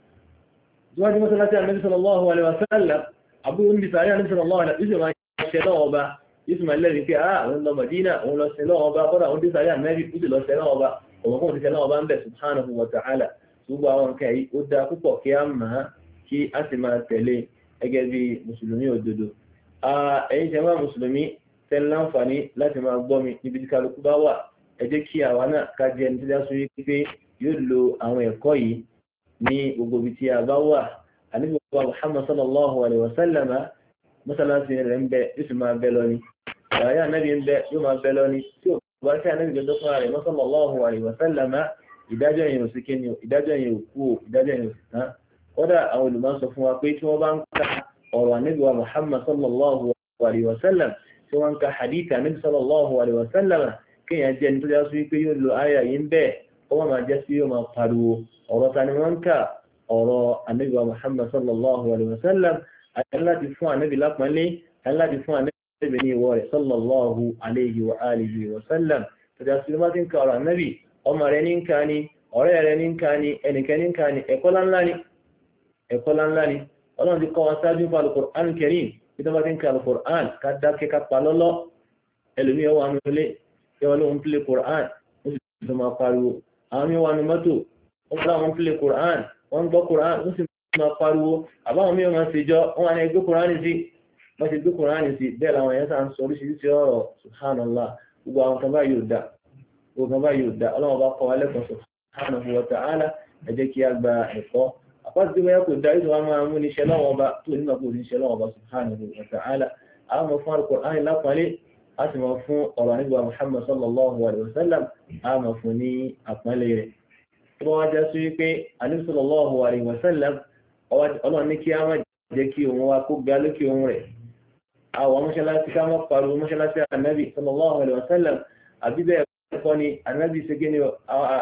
A: níwájú mọ́sálásí ànábì sallallahu alaihi wasallam àbúrò ń bisàrí ànábì sallallahu alaihi wasallam ìṣe lọ́wọ́ ọba ìsìnmọ̀ lẹ́rìí pé ah, àwọn lọ Madina òun lọ sí lọ́wọ́ ọba kọ́dà òun bisàrí ànábì ó sì lọ sí lọ́wọ́ ọba òun kò sí lọ́wọ́ ọba ń bẹ̀ subhanahu wa ta'ala gbogbo àwọn nǹkan yìí ó dáa púpọ̀ kí á mọ̀ kí á sì máa tẹ̀lé gẹ́gẹ́ bí mùsùlùmí òdodo ẹ̀yin jẹ́ máa mùsùlùmí tẹ́lẹ̀ láǹfààní láti máa gbọ́ mi níbi tí kálukú bá wà ẹ jẹ́ kí àwa náà ká jẹ́ ẹni tó dá sórí pé yóò lo àwọn ẹ̀kọ́ yìí ní gbogbo ibi tí a bá wà àníbi wa Muhammad sallallahu alaihi wa sallam mọ́sálásí rẹ̀ ń bẹ yóò sì máa bẹ lọ ni àyà anábì ń bẹ yóò máa bẹ lọ ni tí ò bá sí anábì gẹ́gẹ́ fún ààrẹ sallallahu alaihi wa sallam ìdájọ́ yẹn ò sí kí ni o ìdájọ́ yẹn ò kú o ìdájọ́ yẹn ò sí tán kódà àwọn olùmọ̀ sọ fún wa pé tí wọ́n bá ń ka ọ̀rọ̀ anábì wa Muhammad sallallahu alaihi wa tí wọ́n ń ka hadith anábì sallallahu alaihi wa sallam kéèyàn jẹ́ nítorí wípé yóò lo àyà yìí ń bẹ́ẹ̀ wọ́n máa jẹ́ sí yóò máa pariwo ọ̀rọ̀ ta ni wọ́n ń kà ọ̀rọ̀ ànábì wa Muhammad sallallahu alayhi wa sallam aláti fún ànábì lápọ́nlé aláti fún ànábì ní ìwọ rẹ̀ sallallahu alayhi wa alihi wa sallam tọ́jà sí máa ti ń ka ọ̀rọ̀ ànábì ọmọ rẹ̀ ní ń ka ni ọ̀rẹ́ rẹ̀ ní ń ka ni ẹnìkan ní ń ka ni ẹ̀kọ́ láńlá ni ẹ̀kọ́ ọlọ́run ti kọ́ wa sáájú fún alukur'an karim bí tó bá ti ń ka alukur'an ká dákẹ́ ká pa lọ́lọ́ ẹlòmíyàn wà nílé yọ lóhun pílé kur'an ó sì tó máa pariwo àwọn mí wà ní mọ́tò wọ́n bá wọn pílẹ̀ Quran wọ́n gbọ́ Quran wọ́n sì máa pariwo àbáwọn mí wọ́n sì jọ wọ́n wà ní ẹgbẹ́ Quran sí wọ́n sì gbé Quran sí bẹ́ẹ̀ làwọn yẹn sáà ń sọ oríṣiríṣi ọ̀rọ̀ subhanallah gbogbo àwọn kan bá yóò dá gbogbo kan bá yóò dá ọlọ́run bá kọ́ wa lẹ́kọ̀ọ́ subhanahu wa ta'ala ẹ jẹ́ kí a a sì máa fún ọ̀rọ̀ nígbà Muhammad sallallahu alaihi wasallam a máa fún ní àpọ́nlé rẹ̀ tó bá wá já sí wípé Ànábì sallallahu alaihi wasallam ọlọ́run ní kí a má jẹ́ kí òun wa kó ga lókè òun rẹ̀ àwọn mọ́ṣáláṣí ká má pariwo mọ́ṣáláṣí Ànábì sallallahu alaihi wasallam àbí bẹ́ẹ̀ kọ́ ni Ànábì ṣe kí ni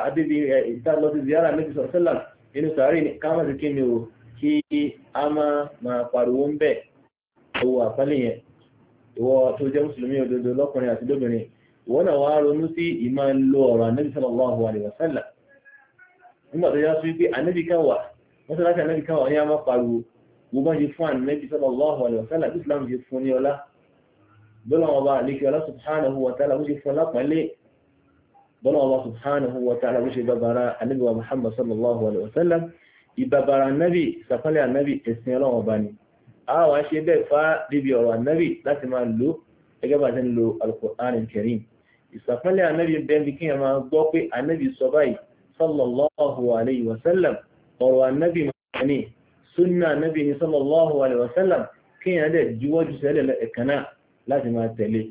A: àbíbi ìtàlọ́sí ziyara Ànábì sallallahu alaihi wasallam inú sàárì ká má sì kí ni o kí a má máa pariwo ń bẹ́ẹ̀ owó àpọ́nlé yẹn ìwọ tó jẹ́ mùsùlùmí òdodo lọ́kùnrin àti lóbìnrin ìwọ náà wá ronú sí ìmá ń lo ọ̀rọ̀ anábì sallallahu alaihi wasallam nígbà tó yá sí pé anábì káwà wọ́n sọ láti anábì káwà ní a ìbàbára anábì sàpálẹ̀ anábì ẹ̀sìn ọlọ́wọ́ bá ni àwọn àṣẹ bẹ́ẹ̀ fá débi ọ̀rọ̀ ànábì láti máa lò gẹ́gẹ́ bá ti ń lo alukur'an karim ìsàpẹ́lẹ̀ ànábì bẹ́ẹ̀ni kí ẹ máa gbọ́ pé ànábì sọ báyìí sallallahu alayhi wa sallam ọ̀rọ̀ ànábì máa ní sunna ànábì ní sallallahu alayhi wa sallam kí ẹ dẹ̀ juwọ́jú sẹ́lẹ̀ lẹ́ẹ̀kaná láti máa tẹ̀lé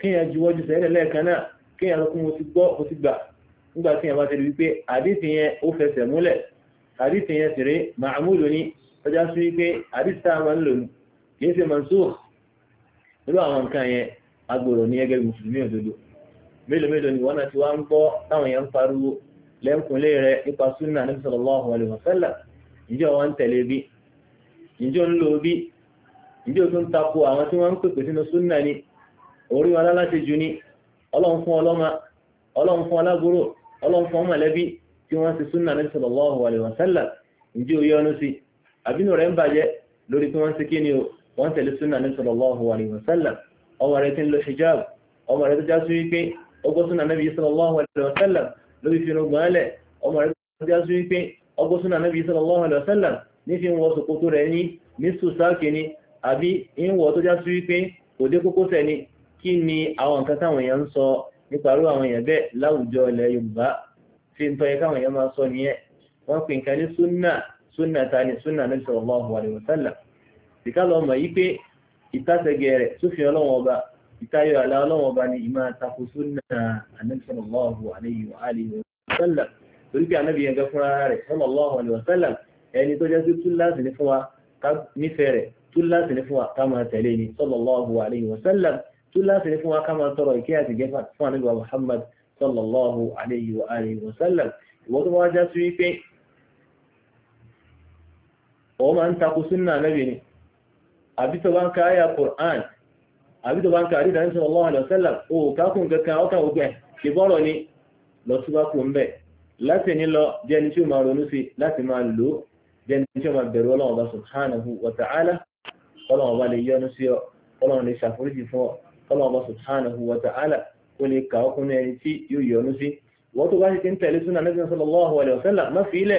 A: kí ẹ juwọ́jú sẹ́lẹ̀ lẹ́ẹ̀kaná kí ẹ lọ́kùn mo ti gbọ́ mo ti ọjà sí wípé àdìsá máa ń lò ní kì í ṣe mansour nínú àwọn nǹkan yẹn agbòrò ní ẹgẹ mùsùlùmí òdodo mélòó mélòó ni wọn àti wá ń gbọ́ táwọn yẹn ń pariwo lẹ́ńkùnlé rẹ nípa súnà Ànábì sallallahu alaihi ǹjẹ́ o tún tako àwọn tí wọ́n ń pèpè sínú súnà ni orí wọn láti jù ni ọlọ́run fún ọlọ́run fún ọlọ́run fún ọmọlẹ́bí tí àbínú rẹ̀ ń bàjẹ́ lórí tí wọ́n ti kí ni o wọ́n tẹ̀lé súnà ní sallallahu alaihi wasallam ọmọ rẹ̀ ti ń lo hijab ọmọ rẹ̀ tó já sí wípé ọgbọ́ súnà Nabi sallallahu alaihi wasallam lórí fi rúgbọ́n ẹlẹ̀ ọmọ rẹ̀ tó já sí wípé ọgbọ́ súnà Nabi sallallahu alaihi wasallam ní fi ń wọ sòkòtò rẹ̀ ní ní sùsáàkì ni àbí ń wọ tó já sí wípé kò dé kókó tẹ̀ kí ni àwọn nǹkan táwọn èèyàn ń sọ níparú àwọn èèyàn bẹ́ẹ̀ láwùjọ ilẹ̀ Yorùbá fi ń tọ́yẹ káwọn èèyàn máa sọ nìyẹn wọ́n pè nǹkan ní súnà súnà tani súnà nabi sallallahu alaihi wasallam ìka lọ mọ̀ yí pé ìtàsẹ̀gẹ̀ rẹ̀ sófin ọlọ́wọ́n ọba ìtayọ̀ àlà ọlọ́wọ́n ọba ni ìmọ̀ àtakò súnà nabi sallallahu alaihi wa alihi wasallam torí pé ànábì yẹn gẹ́ fúnra rẹ̀ sallallahu alaihi ní fún wa nífẹ̀ẹ́ rẹ̀ túláàsì ní o ma ń takò súnà náà ka Qur'an àbí tó da ń ka àdídà ní sallallahu alaihi wasallam o kákùn kankan ọkàn ogun ẹ̀ ti bọ́rọ̀ ni lọ sí wákò ń bẹ̀ láti ní lọ jẹ́ ní tí ó máa ronú sí láti máa lò ó jẹ́ ní subhanahu wa ta'ala sallallahu alaihi wasallam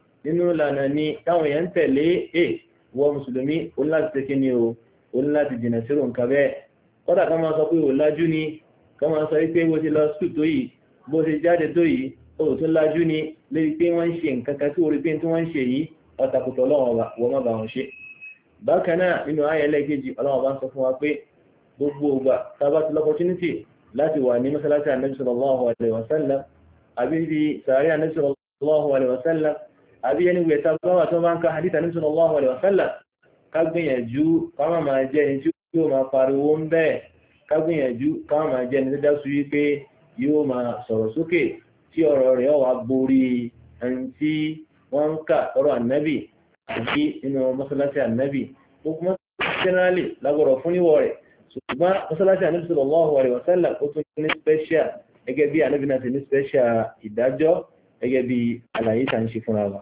A: nínú ìlànà ni táwọn èèyàn ń tẹ̀lé è wọ mùsùlùmí ó láti ṣe kí ni o ó láti jìnà sírò nǹkan bẹ́ẹ̀ kódà ká máa sọ pé ò lájú ni ká máa sọ pé bó ṣe lọ sùn tó yìí bó ṣe jáde tó yìí ó tún lájú ni lórí pé wọ́n ń ṣe nǹkan kan tí orí pé tí wọ́n ń ṣe yìí ọ̀tàkùtọ̀ ọlọ́run wọ́n má bá wọn ṣe bákan náà nínú ayé ẹlẹ́ẹ̀kejì ọlọ́run bá ń sọ fún wa pé gbogbo ògbà tábà ti lọ́pọ̀tínítì láti wà ní mọ́sálásí ànábì sallallahu alaihi wasallam àbí ti sàárẹ̀ ànábì sallallahu alaihi wasallam àbí ẹni wẹ̀ tàbí tó bá ń ka hadith ní sallallahu alaihi wasallam ká gbìyànjú káwọn máa jẹ́ ẹni tí yóò máa pariwo ń bẹ́ẹ̀ ká gbìyànjú káwọn máa jẹ́ ẹni tó dá sí wípé yóò máa sọ̀rọ̀ sókè tí ọ̀rọ̀ rẹ̀ wà borí ẹni tí wọ́n ń kà ọ̀rọ̀ ànábì àbí nínú mọ́sálásí ànábì gbogbo mọ́sálásí lágbọ̀rọ̀ fún níwọ̀ rẹ̀ ṣùgbọ́n mọ́sálásí ànábì sallallahu alaihi wasallam ó tún ní special gẹ́gẹ́ bí ànábì náà ti ní special ìdájọ́ gẹ́gẹ́ bí àlàyé tá ń ṣe fúnra wa.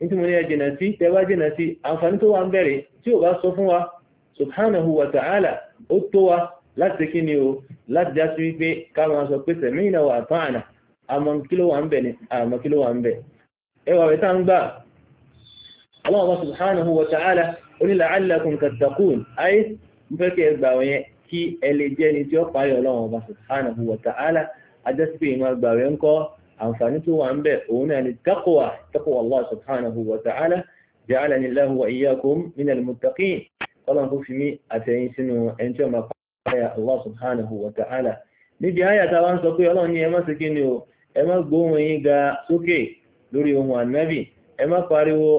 A: ní tí mo ní ẹ jìnà sí tẹ́wá jìnà sí àǹfààní tó wà ń bẹ̀rẹ̀ tí ò bá sọ fún wa subhanahu wa ta'ala ó tó wa láti kí ni o láti já sí wípé ká máa sọ pé sami'na wa ata'na àmọ́ kí ló wà ń bẹ̀ ni àmọ́ kí ló wà ń bẹ̀ ẹwà rẹ̀ tá ń gbà Allah subhanahu wa ta'ala ó ní la'allakum tattaqun ayé mo fẹ́ kí ẹ gbà wọ̀nyẹn kí ẹ lè jẹ́ ni tí ó pààyọ̀ Ọlọ́run subhanahu wa ta'ala ajásí pé ìmọ̀ gbà rẹ̀ ń kọ́ àǹfààní tó wà ń bẹ̀ òun náà ni taqwa taqwa Allah subhanahu wa ta'ala ja'alani Allahu wa iyyakum minal muttaqin ọlọ́run kó fi mí àtẹ̀yìn sínú ẹni tí Allah subhanahu wa ta'ala níbi ayà tá wá ń sọ pé ọlọ́run ní ẹ má ni o ẹ má gbóhùn ga sókè lórí ohun ànábì ẹ pariwo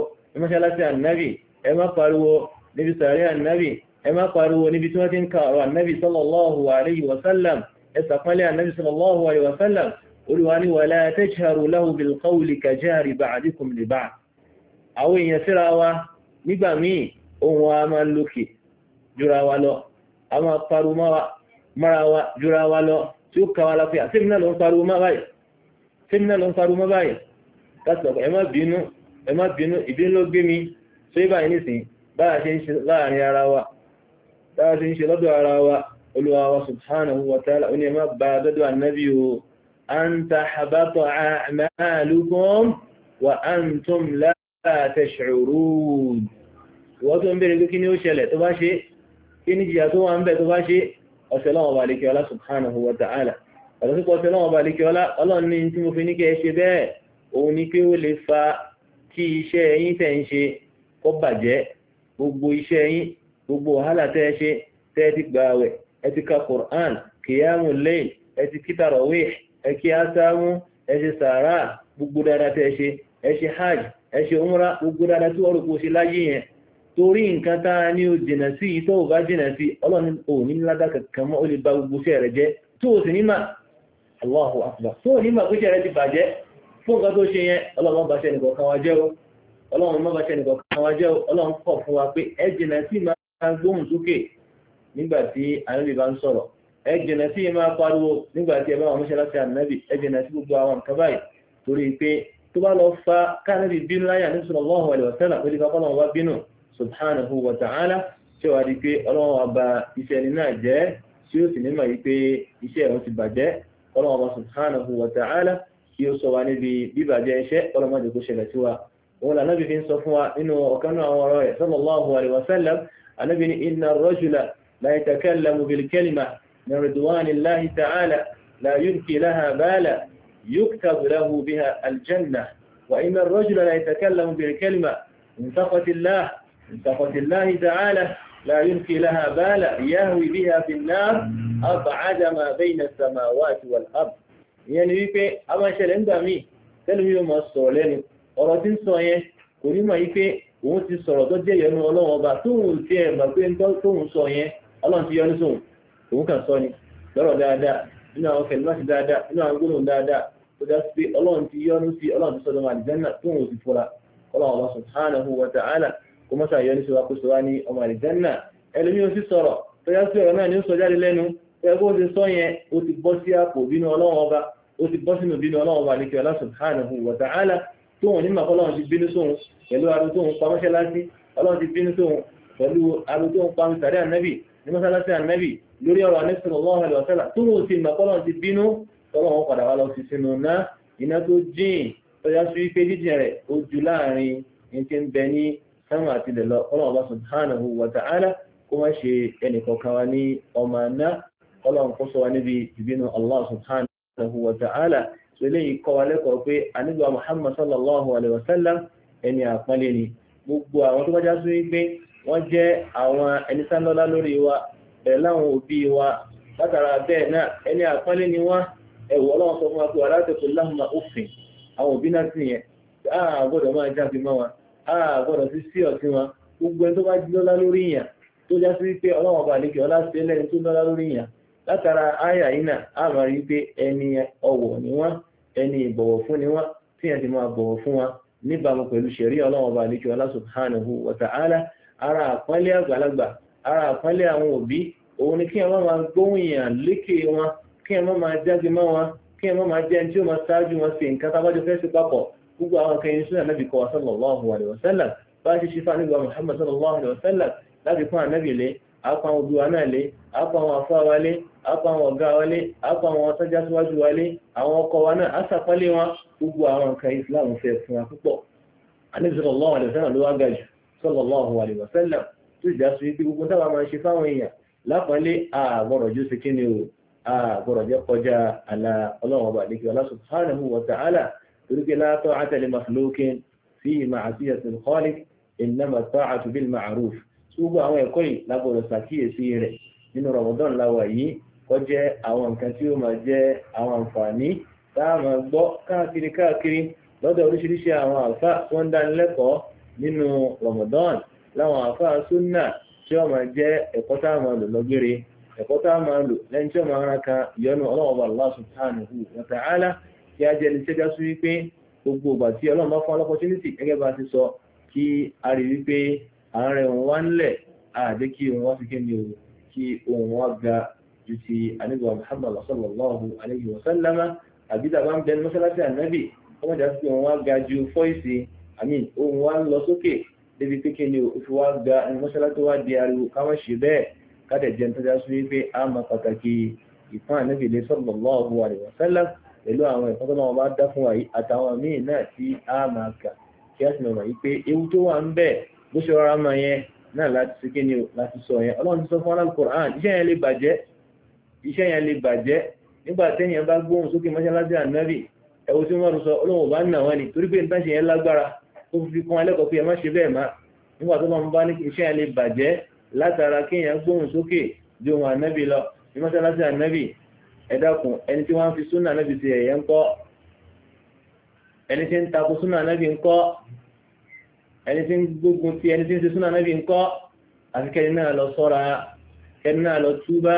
A: níbi sàárẹ̀ ànábì ẹ pariwo níbi tí wọ́n ti ń ka ọ̀rọ̀ ànábì sallallahu alayhi wa ẹ olùwani wà láyé tẹ́jàrù láhùn bí kọ́wùlì kàjáàrì bá àdíkùn lè bá àwọn èèyàn síra wa nígbà míì ohun wa máa ń lókè jura wa lọ a máa pariwo mara wa jura wa lọ tí ó ka wa lápẹ́ àtẹ́mi náà ló ń pariwo má báyìí tẹ́mi náà ló أن تحبط أعمالكم وأنتم لا تشعرون wọ́n tó ń bèèrè pé kí ni ó ṣẹlẹ̀ tó bá ṣe kí ní jìyà tó wà ń bẹ̀ tó bá ṣe ọ̀sẹ̀lọ́wọ̀ bá lékẹ́ ọlá subhanahu wa ta'ala ọ̀lọ́sípọ̀ ọ̀sẹ̀lọ́wọ̀ bá lékẹ́ ọlá ọlọ́ni tí mo fi ní kẹ́ ṣe bẹ́ẹ̀ òun ni pé ó lè fa kí iṣẹ́ yín tẹ̀ ń ṣe kó bàjẹ́ gbogbo iṣẹ́ yín gbogbo wàhálà tẹ́ ẹ ṣe tẹ́ ẹ ti gbààwẹ̀ ẹ ti ka Qur'an kìyàmù lẹ́yìn ẹ ti kítàrọ̀wéè Eke kí asámú ẹ ṣe sàárà gbogbo dáadáa tẹ́ ṣe ẹ hajj ẹ gbogbo dáadáa tí wọ́n ṣe láyé yẹn torí nǹkan tá a ní o jìnà sí ìtọ́ ò jìnà sí ọlọ́run ò ní kankan mọ́ ó lè ba gbogbo iṣẹ́ rẹ jẹ́ tó o sì ní ti ṣe yẹn ẹ jìnà sí ẹ máa pariwo nígbà tí ẹ bá wọn mọ́ṣáláṣí ànábì ẹ jìnà sí gbogbo àwọn nǹkan báyìí torí pé tó bá lọ fa káànábì bínú láyà ní sallallahu alaihi wasallam ó di ká kọ́lọ́wọ́ bá bínú subhanahu wa ta'ala ṣé wàá di pé ọlọ́wọ́ ọba iṣẹ́ ẹni náà jẹ́ tí ó sì nímọ̀ yìí pé iṣẹ́ ẹ̀rọ ti bàjẹ́ ọlọ́wọ́ ọba subhanahu wa ta'ala kí ó sọ wa níbi bíbàjẹ́ iṣẹ́ ọlọ́mọdé kó ṣẹlẹ̀ sí wa wọn ànábì fi ń sọ fún wa nínú ọ̀kan náà àwọn ọ̀rọ̀ rẹ̀ sallallahu alaihi wasallam ànábì ní inna ar-rajula la yatakallamu bil kalimah من رضوان الله تعالى لا ينكي لها بالا يكتب له بها الجنة وإن الرجل لا يتكلم بالكلمة من الله من الله تعالى لا ينكي لها بالا يهوي بها في النار أبعد ما بين السماوات والأرض ìyẹn ni wípé a máa ṣẹlẹ̀ ń gbà míì tẹ́lùmí yóò máa sọ̀rọ̀ lẹ́nu ọ̀rọ̀ tí ń sọ yẹn kò ní mọ̀ yí pé òun ti sọ̀rọ̀ tó jẹ́ yọnu ọlọ́run ọba tóun ti ẹ̀ mọ̀ pé tóun sọ yẹn ọlọ́run ti yọnu sóun òun kàn sọ ni lọ́rọ̀ dáadáa nínú àwọn kẹlẹ́mọ́sí dáadáa nínú àwọn gbólóhùn dáadáa tó dá sí pé ọlọ́run ti yọ́nú sí ọlọ́run ti sọ́dọ̀ àlìjánà tó ń òsì fura ọlọ́run subhanahu wa ta'ala kó mọ́ sàyọ́ ní sọ́wọ́ kóso wá ní ọmọ àlìjánà ẹlòmí ó sì sọ̀rọ̀ tó dá sí ọ̀rọ̀ náà ní ó sọ jáde lẹ́nu ẹgbẹ́ ó ti sọ yẹn ó ti bọ́ sí àpò bínú ọlọ́run ọba ó ti bọ́ sínú bínú ọlọ́run ọba àlekè ọlá subhanahu wa ta'ala tó wọn nímọ̀ ọlọ́run ti bínú sóhun pẹ̀lú arú tóhun pa mọ́ṣáláṣí ọlọ́run ti bínú sóhun pẹ̀lú arú tóhun pa mọ́ṣáláṣí ànábì ní mọ́ṣáláṣí ànábì lórí ọ̀rọ̀ anẹ́sìn ọlọ́run ẹ̀lọ́ tẹ́lá tó wọ́n sì mọ̀ kọ́lọ́n ti bínú tọ́lọ́ wọn padà wá lọ sí sínú ná iná tó jìn tọ́já sí wípé jíjìn rẹ̀ ó ju láàrin ní ti ń bẹ ní sánmà àti ilẹ̀ lọ kọ́lọ́n ọba subhanahu wa ta'ala kó má ṣe ẹnìkọ̀ọ̀kan wa ní ọmọ ná kọ́lọ́n kó sọ wa níbi ìbínú allah subhanahu wa ta'ala so eléyìí bẹ̀rẹ̀ òbí wa látara bẹ́ẹ̀ náà ẹni àpọ́nlé ni wá ẹ̀wọ̀ ọlọ́run sọ fún wa pé aláàtẹ̀kọ̀ láhùnmá òfin àwọn òbí náà sì yẹn àà máa jáde mọ́ wa àà sí sí ọ̀sìn wa gbogbo ẹni tó bá jí lọ́lá lórí yàn tó já sí wípé ọlọ́run ọba àlejò ọlá sí ẹlẹ́ni tó lọ́lá lórí yàn látara àyà yìí náà a rí pé ẹni ni ẹni ìbọ̀wọ̀ fún ni ara àpọ́nlé àgbàlagbà ara àpọ́nlé àwọn òbí òun ni kí wọ́n máa gbóhùn èèyàn lékè wọn kí wọ́n máa jáde mọ́ wọn kí wọ́n máa jẹ́ tí ó máa ṣáájú wọn sí nǹkan tábájọ fẹ́ sí papọ̀ gbogbo àwọn kẹyìn sínú ànábì kọ́ sallallahu alaihi wasallam bá ṣe ṣe fáwọn ìgbà Muhammad sallallahu alaihi wasallam láti fún ànábì lé àpá àwọn obìwa náà lé àpá àwọn afá wa lé àpá àwọn ọ̀gá wa lé àpá àwọn ọ̀tọ́jà síwájú wa lé àwọn ọkọ wa náà àṣàpálẹ̀ wọn gbogbo àwọn nǹkan Islam fẹ́ fún wa púpọ̀ ànábì sallallahu alaihi wasallam ló wá gajù sallallahu alaihi wasallam tó ìjà sí pé gbogbo táwa máa ń ṣe fáwọn èèyàn lápọ́nlé àgbọ̀rọ̀ jù sí kí ni o àgbọ̀rọ̀ jẹ́ kọjá àlà ọlọ́run ọba àdékè ọlá subhanahu wa ta'ala torí pé la ta'ata li makhluqin fi ma'siyati al lọ́dọ̀ oríṣiríṣi àwọn àlùfáà tó ń dánilẹ́kọ̀ọ́ nínú Ramadan láwọn àfáà súnà tí wọ́n máa jẹ́ ẹ̀kọ́ tá a máa lò lọ́gẹ́rẹ́ ẹ̀kọ́ tá a máa lò lẹ́yìn tí wọ́n máa rán kan ìyọnu ọlọ́wọ́ bá Allah subhanahu wa ta'ala kí a jẹ́ ní ṣẹ́jà sí wípé gbogbo ìgbà tí ọlọ́run bá fún opportunity gẹ́gẹ́ bá ti sọ kí a rí wípé débi pé kéde òfin wá gba mọ́ṣálá tó wá di ariwo káwọn ṣe bẹ́ẹ̀ káàdẹ̀ jẹun tó dáa sí wípé a máa pàtàkì ìfún ànábìlẹ̀ sallallahu alaihi wasallam pẹ̀lú àwọn ẹ̀kọ́ tó máa bá dá fún wa yìí àtàwọn míì náà tí a máa kà kí a sì mọ̀ yìí pé ewu tó wà ń bẹ bó ṣe rọra máa yẹn náà láti ṣe kí ni láti sọ yẹn ọlọ́run ti sọ fún al iṣẹ́ yẹn lè bàjẹ́ iṣẹ́ tó fi kan ẹlẹ́kọ̀ọ́ pé ẹ má ṣe bẹ́ẹ̀ má nígbà tó máa ń bá ní iṣẹ́ ẹ lè bàjẹ́ látara kéèyàn gbóhùn sókè ju ohun ànábì lọ ní mọ́sálásí ànábì ẹ dákun ẹni tí wọ́n fi súnà ànábì ti ẹ̀yẹ ń kọ́ ẹni tí ń takò súnà ànábì ń kọ́ ẹni tí ń gbógun ti ẹni tí ń ṣe súnà ànábì ń kọ́ àti kẹ́ni náà lọ sọ́ra kẹ́ni náà lọ túbá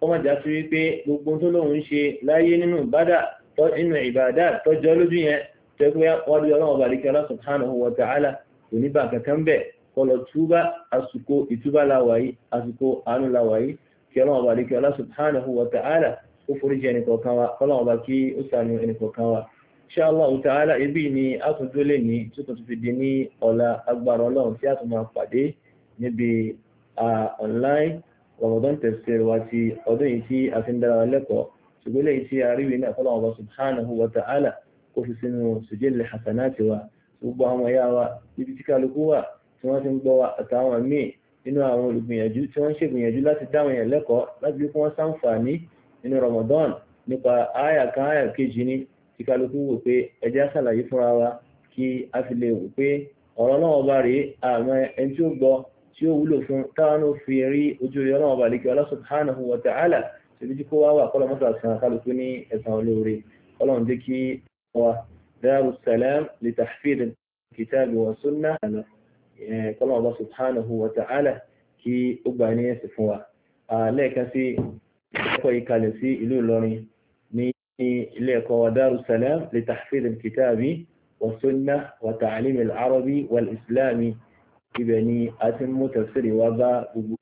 A: kọ́mọ̀já sí wípé gbogbo tó lóun ṣe láyé nínú ìbádà tọ́ inú ìbádà tọ́jọ́ lójú yẹn tẹ́gbẹ́ wọ́n rí ọlọ́run ọba àdékẹ́ Allah subhanahu wa ta'ala oníbà kankan bẹ̀ kọlọ̀ túbá àsìkò ìtúbà láwàyí àsìkò àánú láwàyí kí ọlọ́run ọba àdékẹ́ Allah subhanahu wa ta'ala ó foríjì ẹnìkọ̀ọ̀kan wa kọlọ̀ ọba kí ó sànù ẹnìkọ̀ọ̀kan wa insha Allah ta'ala ibi ni a tún tó lè ní tó tó fi di ní ọ̀la agbára ọlọ́run tí a tún máa pàdé níbi online ṣùgbọ́n lẹ́yìn tí a rí wí ní àkọlọ́run ọba subhanahu wa ta'ala kó fi sínú sujil hasanati wa gbogbo àwọn ẹ̀yà wa ibi tí kálukú wà tí wọ́n ti ń gbọ́ wa àtàwọn míì nínú àwọn olùgbìyànjú tí wọ́n ń ṣègbìyànjú láti dáwọn èèyàn lẹ́kọ̀ọ́ láti bí wọ́n sáǹfààní nínú Ramadan nípa àyà kan àyà kejì ni tí kálukú wò pé ẹjẹ́ àṣàlàyé fúnra wa kí a fi lè wò pé ọ̀rọ̀ náà bá rèé àmọ́ ẹni tí ó gbọ́ tí ó wúlò fún táwọn náà rí ojú rẹ̀ náà bá lékè Allah subhanahu wa ta'ala ṣèlú tí kó wá wà kọ́lọ́mọ́sà sí àkálùkù ní ẹ̀sán olóore kọ́lọ́mù jẹ́ kí ودار السلام لتحفيظ الكتاب والسنة قال الله سبحانه وتعالى kí ó gbà ní ẹ̀sìn fún wa lẹ́ẹ̀kan sí ẹ̀kọ́ ìkàlẹ̀ sí ìlú Ìlọrin ní ilé ẹ̀kọ́ Darussalam li tahfidh al-kitabi wa sunnah wa ta'lim al-arabi wal-islami ibẹ̀ ni a ti mú tafsiri wa bá gbogbo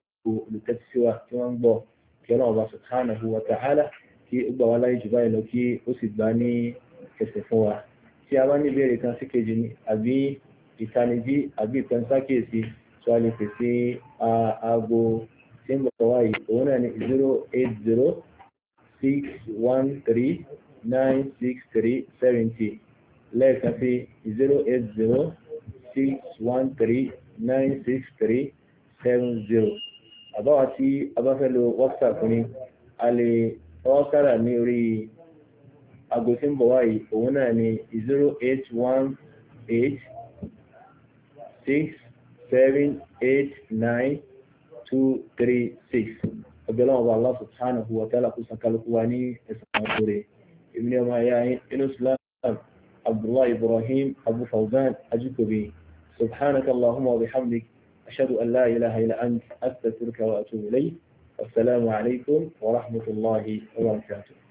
A: olùtẹ́tísíwá tí wọ́n ń gbọ́ kí ọlọ́run bá subhanahu wa ta'ala kí ó gbà wá láyé jù báyìí lọ kí ó sì gbà ní ẹ̀sìn fún wa tí a bá ní ìbéèrè kan sí kejì ni àbí ìtanijí àbí ìpẹ́nsákèsí tó a lè pèsè aago tí ń bọ̀ wáyé òun náà ni zero eight zero six one three nine six three seventy lẹ́ẹ̀kan sí zero eight zero six one three nine six three seven zero àbáwá tí a bá fẹ́ lo WhatsApp ni a lè ọwọ́ kára ní orí. أقولهم بواي هنا يعني zero h one h six seven eight nine two three six أقول أبو الله سبحانه وتعالى كوسان كالكواني اسمعوري ابن يوم يعين إنه سلام عبد الله إبراهيم أبو فوزان أجوكبي سبحانك اللهم وبحمدك أشهد أن لا إله إلا أنت أستغفرك وأتوب إليك السلام عليكم ورحمة الله وبركاته